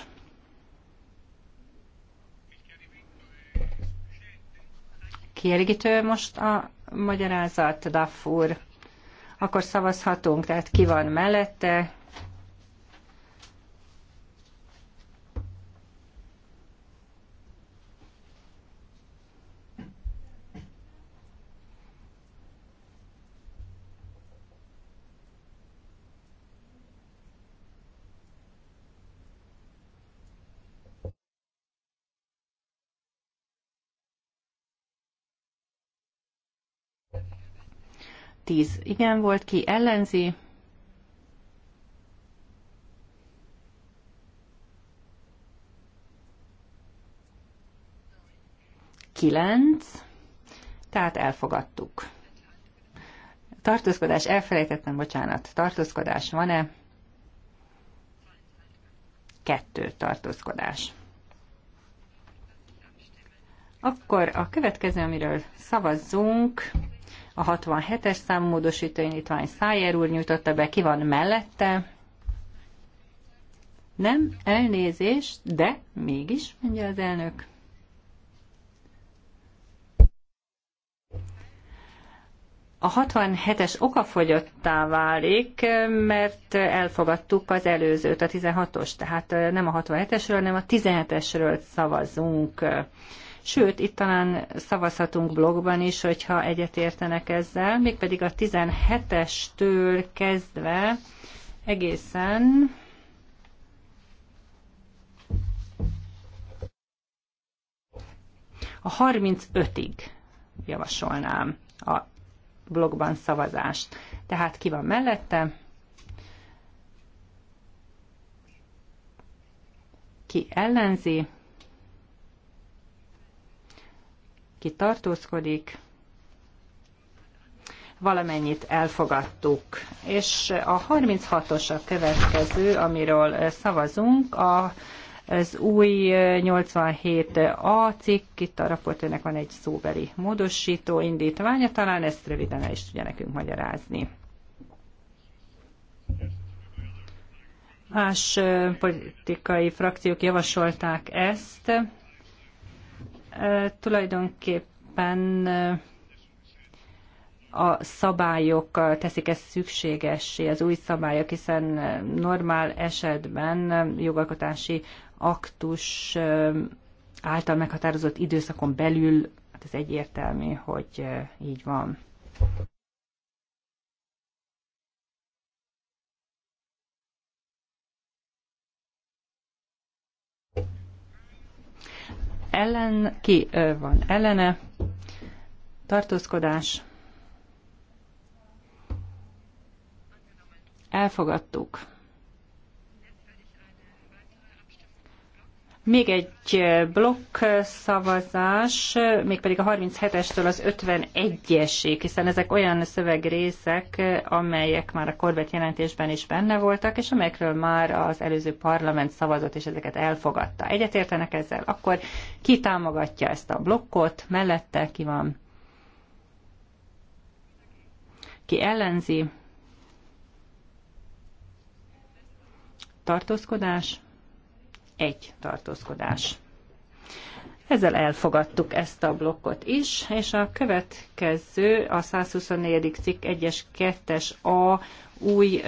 Kielégítő most a magyarázat, Daffur. Akkor szavazhatunk, tehát ki van mellette, 10 igen volt, ki ellenzi. Kilenc, tehát elfogadtuk. Tartózkodás, elfelejtettem, bocsánat, tartózkodás van-e? Kettő tartózkodás. Akkor a következő, amiről szavazzunk, a 67-es számú módosító indítvány Szájer úr nyújtotta be, ki van mellette? Nem, elnézés, de mégis, mondja az elnök. a 67-es okafogyottá válik, mert elfogadtuk az előzőt, a 16-os, tehát nem a 67-esről, hanem a 17-esről szavazunk sőt, itt talán szavazhatunk blogban is, hogyha egyetértenek ezzel, mégpedig a 17-estől kezdve egészen a 35-ig javasolnám a blogban szavazást. Tehát ki van mellette? Ki ellenzi? ki tartózkodik, valamennyit elfogadtuk. És a 36-os a következő, amiről szavazunk, a, az új 87A cikk, itt a raportőnek van egy szóbeli módosító indítványa, talán ezt röviden el is tudja nekünk magyarázni. Más eh, politikai frakciók javasolták ezt, tulajdonképpen a szabályok teszik ezt szükségessé, az új szabályok, hiszen normál esetben jogalkotási aktus által meghatározott időszakon belül, hát ez egyértelmű, hogy így van. ellen, ki van ellene, tartózkodás, elfogadtuk. Még egy blokk szavazás, mégpedig a 37-estől az 51-esig, hiszen ezek olyan szövegrészek, amelyek már a Corbett jelentésben is benne voltak, és amelyekről már az előző parlament szavazott, és ezeket elfogadta. Egyetértenek ezzel? Akkor ki támogatja ezt a blokkot? Mellette ki van? Ki ellenzi? Tartózkodás? egy tartózkodás. Ezzel elfogadtuk ezt a blokkot is, és a következő a 124. cikk 1-es 2-es a új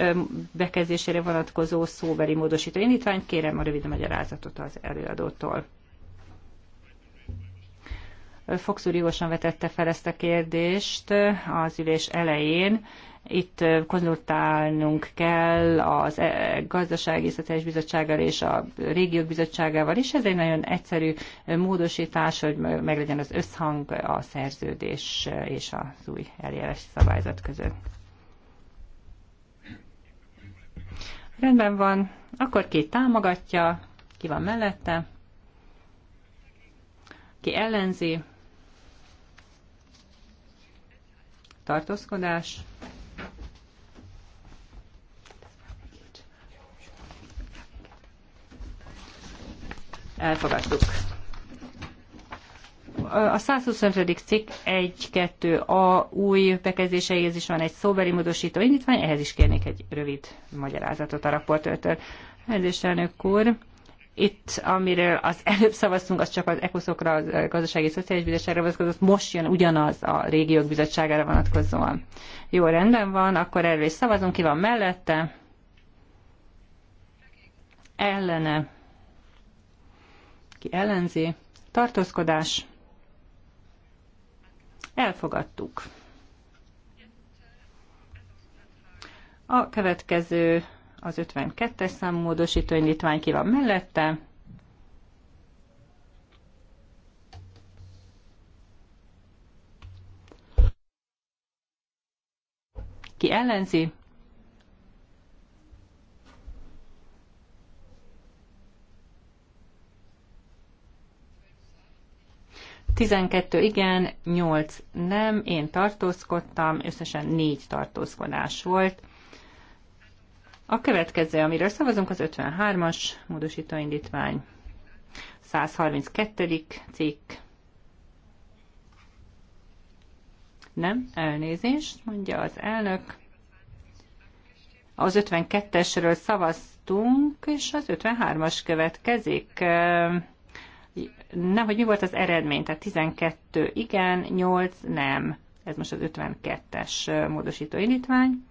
bekezdésére vonatkozó szóbeli módosító Indítvány, Kérem a rövid magyarázatot az előadótól. Fokszúr jogosan vetette fel ezt a kérdést az ülés elején. Itt konzultálnunk kell az e, Gazdasági Szociális Bizottsággal és a Régiók Bizottságával is. Ez egy nagyon egyszerű módosítás, hogy meglegyen az összhang a szerződés és az új eljárási szabályzat között. Rendben van, akkor ki támogatja, ki van mellette, ki ellenzi, tartózkodás, elfogadtuk. A 125. cikk 1-2a új bekezdéseihez is van egy szóbeli módosító indítvány, ehhez is kérnék egy rövid magyarázatot a raportőrtől. Elnézést, elnök úr! itt, amiről az előbb szavaztunk, az csak az ECOSZokra, a Gazdasági Szociális Bizottságra vonatkozott, most jön ugyanaz a régiók bizottságára vonatkozóan. Jó, rendben van, akkor erről is szavazunk, ki van mellette? Ellene ki ellenzi, tartózkodás, elfogadtuk. A következő az 52-es számú módosító indítvány ki van mellette. Ki ellenzi, 12 igen, 8 nem, én tartózkodtam, összesen 4 tartózkodás volt. A következő, amiről szavazunk, az 53-as módosítóindítvány. 132. cikk. Nem, elnézést, mondja az elnök. Az 52-esről szavaztunk, és az 53-as következik. Na, hogy mi volt az eredmény, tehát 12 igen, 8 nem. Ez most az 52-es módosító indítvány,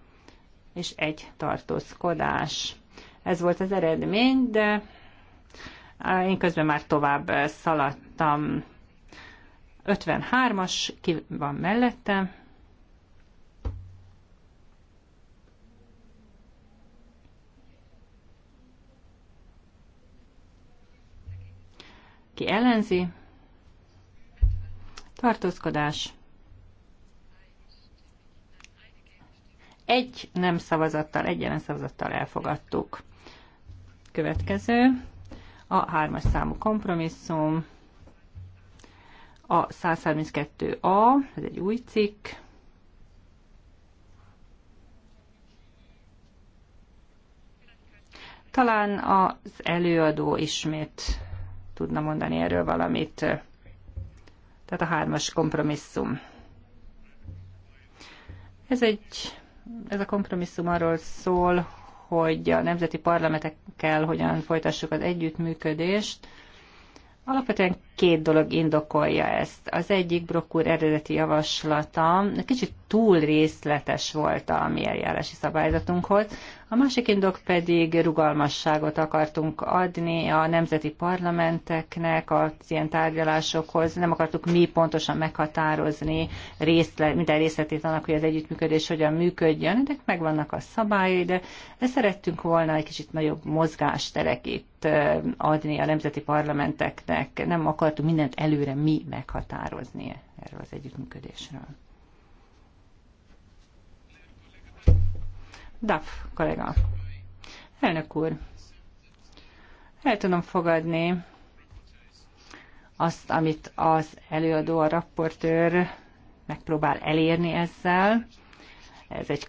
és egy tartózkodás. Ez volt az eredmény, de én közben már tovább szaladtam. 53-as, ki van mellette? Ki ellenzi? Tartózkodás. Egy nem szavazattal, egy ellen szavazattal elfogadtuk. Következő. A hármas számú kompromisszum. A 132A, ez egy új cikk. Talán az előadó ismét tudna mondani erről valamit. Tehát a hármas kompromisszum. Ez egy, ez a kompromisszum arról szól, hogy a nemzeti parlamentekkel hogyan folytassuk az együttműködést. Alapvetően két dolog indokolja ezt. Az egyik Brokkúr eredeti javaslata kicsit túl részletes volt a mi eljárási szabályzatunkhoz, a másik indok pedig rugalmasságot akartunk adni a nemzeti parlamenteknek az ilyen tárgyalásokhoz. Nem akartuk mi pontosan meghatározni részlet, minden részletét annak, hogy az együttműködés hogyan működjön, de megvannak a szabályai, de, de szerettünk volna egy kicsit nagyobb mozgásterekét adni a nemzeti parlamenteknek. Nem akar akartunk mindent előre mi meghatározni erről az együttműködésről. Daf, kollega. Elnök úr, el tudom fogadni azt, amit az előadó, a rapportőr megpróbál elérni ezzel. Ez egy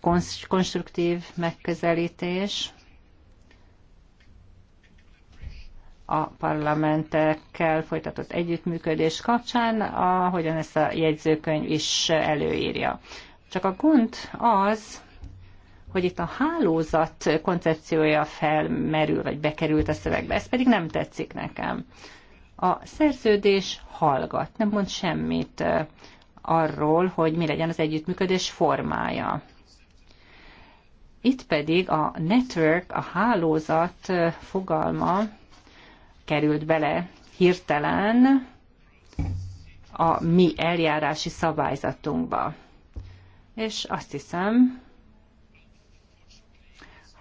konstruktív megközelítés. a parlamentekkel folytatott együttműködés kapcsán, ahogyan ezt a jegyzőkönyv is előírja. Csak a gond az, hogy itt a hálózat koncepciója felmerül, vagy bekerült a szövegbe. Ez pedig nem tetszik nekem. A szerződés hallgat, nem mond semmit arról, hogy mi legyen az együttműködés formája. Itt pedig a network, a hálózat fogalma került bele hirtelen a mi eljárási szabályzatunkba. És azt hiszem,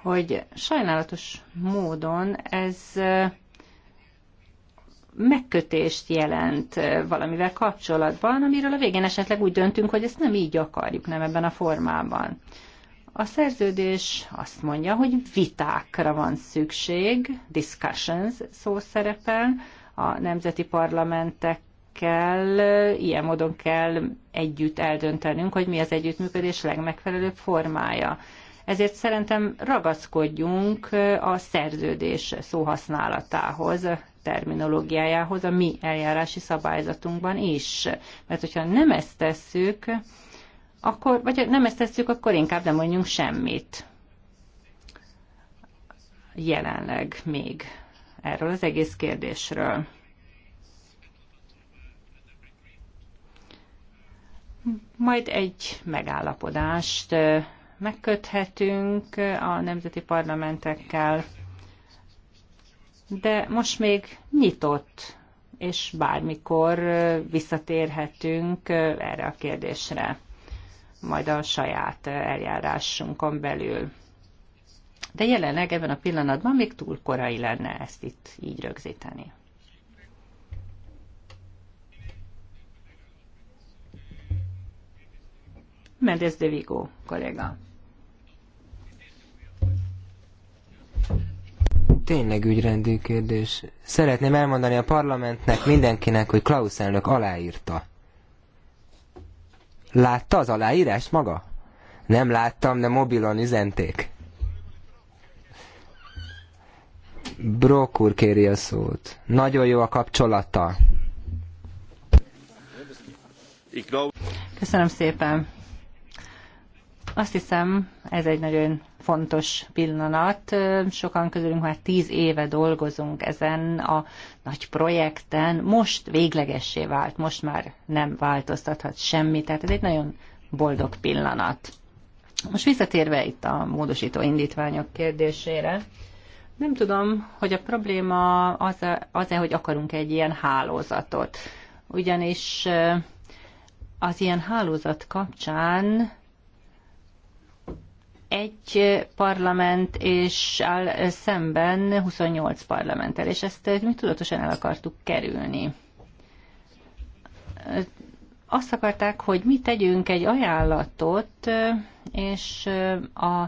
hogy sajnálatos módon ez megkötést jelent valamivel kapcsolatban, amiről a végén esetleg úgy döntünk, hogy ezt nem így akarjuk, nem ebben a formában. A szerződés azt mondja, hogy vitákra van szükség, discussions szó szerepel, a nemzeti parlamentek kell, ilyen módon kell együtt eldöntenünk, hogy mi az együttműködés legmegfelelőbb formája. Ezért szerintem ragaszkodjunk a szerződés szóhasználatához, terminológiájához a mi eljárási szabályzatunkban is. Mert hogyha nem ezt tesszük, akkor, vagy ha nem ezt tesszük, akkor inkább nem mondjunk semmit. Jelenleg még erről az egész kérdésről. Majd egy megállapodást megköthetünk a nemzeti parlamentekkel, de most még nyitott, és bármikor visszatérhetünk erre a kérdésre majd a saját eljárásunkon belül. De jelenleg ebben a pillanatban még túl korai lenne ezt itt így rögzíteni. Mendez de Vigo kolléga. Tényleg ügyrendű kérdés. Szeretném elmondani a parlamentnek, mindenkinek, hogy Klaus elnök aláírta. Látta az aláírást maga? Nem láttam, de mobilon üzenték. Brok úr kéri a szót. Nagyon jó a kapcsolata. Köszönöm szépen. Azt hiszem, ez egy nagyon fontos pillanat. Sokan közülünk már tíz éve dolgozunk ezen a nagy projekten. Most véglegessé vált, most már nem változtathat semmi, tehát ez egy nagyon boldog pillanat. Most visszatérve itt a módosító indítványok kérdésére, nem tudom, hogy a probléma az-e, az -e, hogy akarunk egy ilyen hálózatot. Ugyanis az ilyen hálózat kapcsán egy parlament és áll szemben 28 parlamenttel, és ezt eh, mi tudatosan el akartuk kerülni. Eh, azt akarták, hogy mi tegyünk egy ajánlatot, eh, és a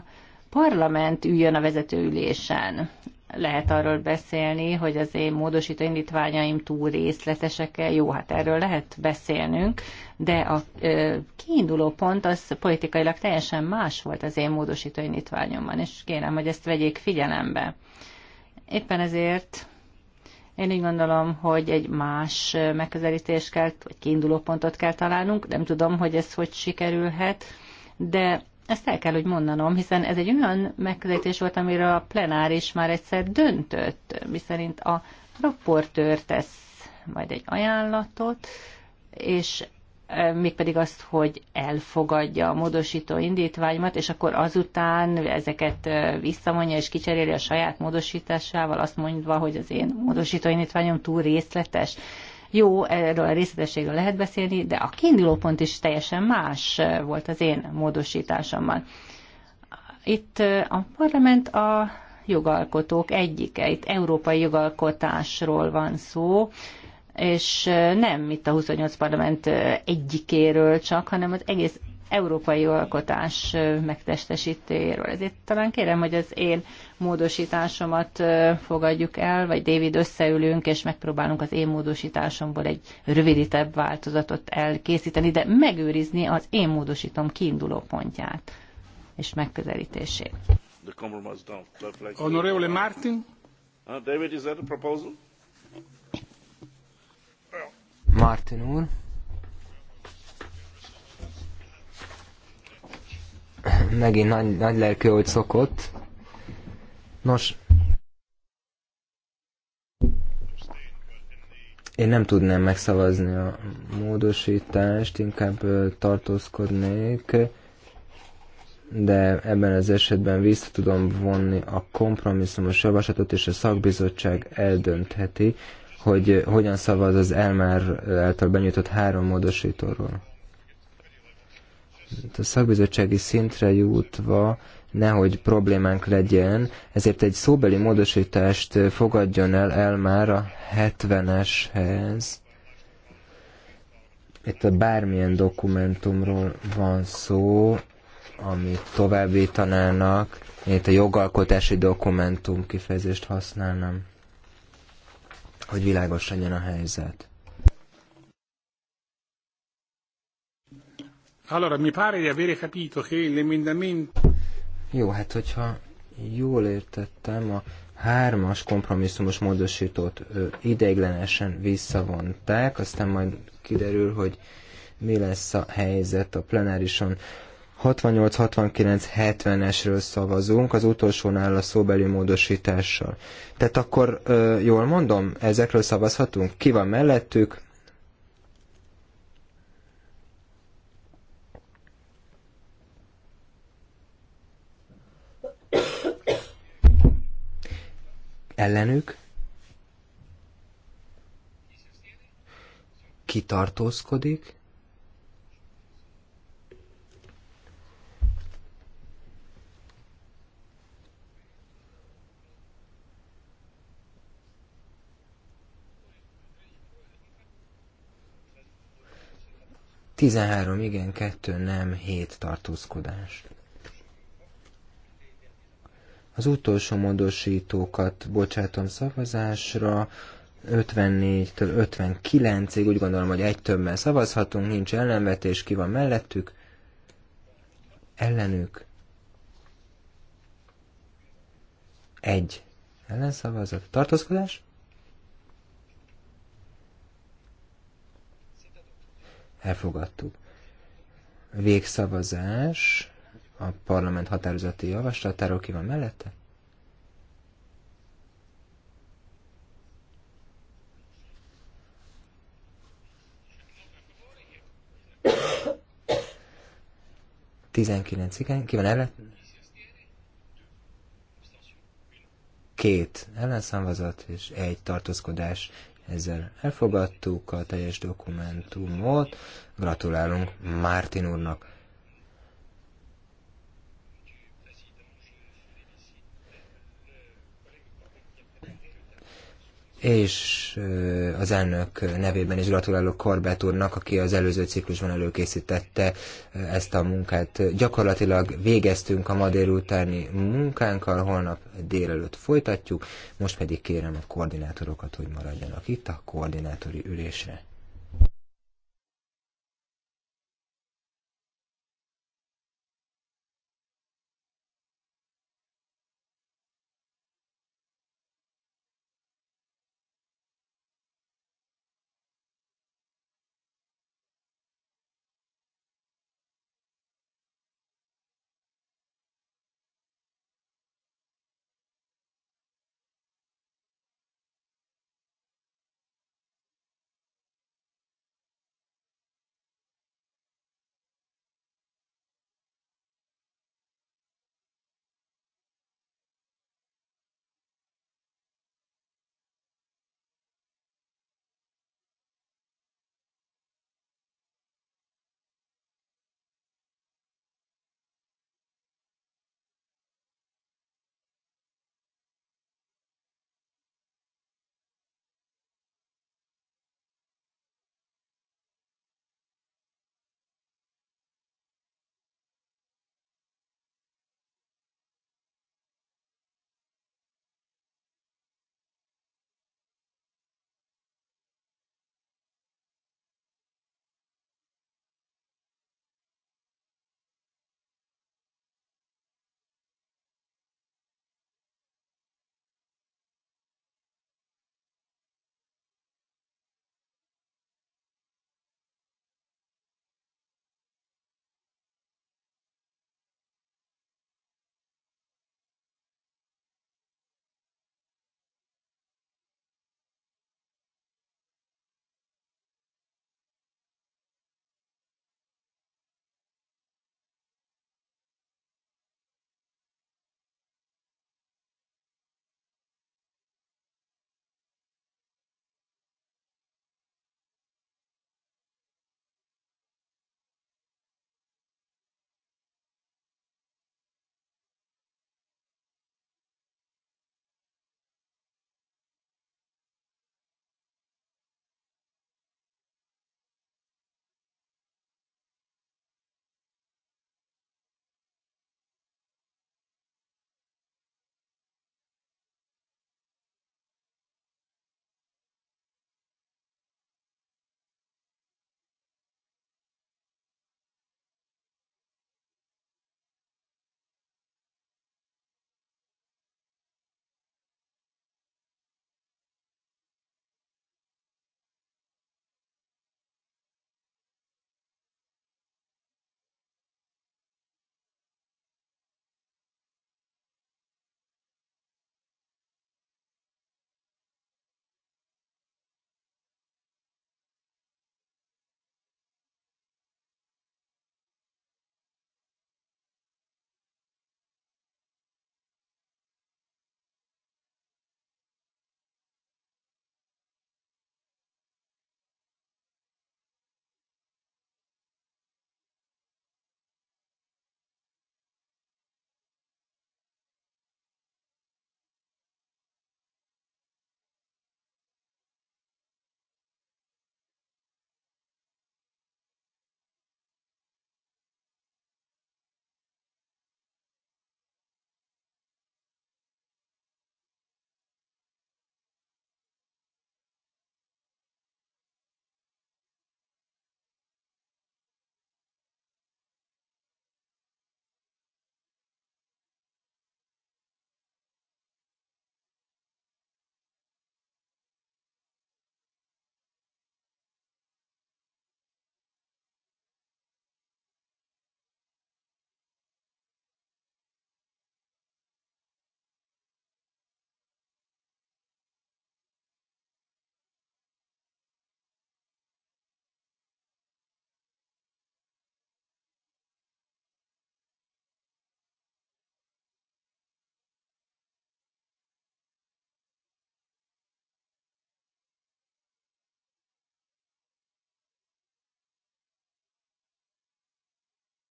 parlament üljön a vezetőülésen lehet arról beszélni, hogy az én módosító indítványaim túl részletesek-e. Jó, hát erről lehet beszélnünk, de a ö, kiinduló pont az politikailag teljesen más volt az én módosító indítványomban, és kérem, hogy ezt vegyék figyelembe. Éppen ezért én úgy gondolom, hogy egy más megközelítést kell, vagy kiinduló pontot kell találnunk. Nem tudom, hogy ez hogy sikerülhet, de ezt el kell, hogy mondanom, hiszen ez egy olyan megközelítés volt, amire a plenáris már egyszer döntött, miszerint a raportőr tesz majd egy ajánlatot, és e, mégpedig azt, hogy elfogadja a módosító indítványmat, és akkor azután ezeket e, visszamondja és kicseréli a saját módosításával, azt mondva, hogy az én módosító indítványom túl részletes. Jó, erről a részletességről lehet beszélni, de a kiinduló pont is teljesen más volt az én módosításommal. Itt a parlament a jogalkotók egyike, itt európai jogalkotásról van szó, és nem itt a 28 parlament egyikéről csak, hanem az egész európai alkotás megtestesítéről. Ezért talán kérem, hogy az én módosításomat fogadjuk el, vagy David összeülünk, és megpróbálunk az én módosításomból egy rövidítebb változatot elkészíteni, de megőrizni az én módosítom kiinduló pontját és megközelítését. Honorable Martin? Uh, David, is that a proposal? Martin úr. megint nagy, nagy lelkű, hogy szokott. Nos, én nem tudnám megszavazni a módosítást, inkább tartózkodnék, de ebben az esetben vissza tudom vonni a kompromisszumos javaslatot, és a szakbizottság eldöntheti, hogy hogyan szavaz az elmár által benyújtott három módosítóról a szakbizottsági szintre jutva nehogy problémánk legyen, ezért egy szóbeli módosítást fogadjon el, el már a 70-eshez. Itt a bármilyen dokumentumról van szó, amit továbbítanának. Én itt a jogalkotási dokumentum kifejezést használnám, hogy világos legyen a helyzet. Allora, mi pare di avere capito che l'emendamento... Jó, hát hogyha jól értettem, a hármas kompromisszumos módosítót ö, ideiglenesen visszavonták, aztán majd kiderül, hogy mi lesz a helyzet a plenárison. 68-69-70-esről szavazunk, az utolsónál a szóbeli módosítással. Tehát akkor ö, jól mondom, ezekről szavazhatunk? Ki van mellettük? Ellenük kitartózkodik. Tizenhárom igen, kettő nem, hét tartózkodás. Az utolsó módosítókat bocsátom szavazásra, 54-től 59-ig, úgy gondolom, hogy egy többen szavazhatunk, nincs ellenvetés, ki van mellettük, ellenük, egy ellenszavazat, tartózkodás, elfogadtuk. Végszavazás, a parlament határozati javaslatáról. Ki van mellette? Tizenkilenc, igen. Ki van ellen? Két ellenszavazat és egy tartózkodás. Ezzel elfogadtuk a teljes dokumentumot. Gratulálunk Mártin úrnak. és az elnök nevében is gratulálok Korbett úrnak, aki az előző ciklusban előkészítette ezt a munkát. Gyakorlatilag végeztünk a ma délutáni munkánkkal, holnap délelőtt folytatjuk, most pedig kérem a koordinátorokat, hogy maradjanak itt a koordinátori ülésre.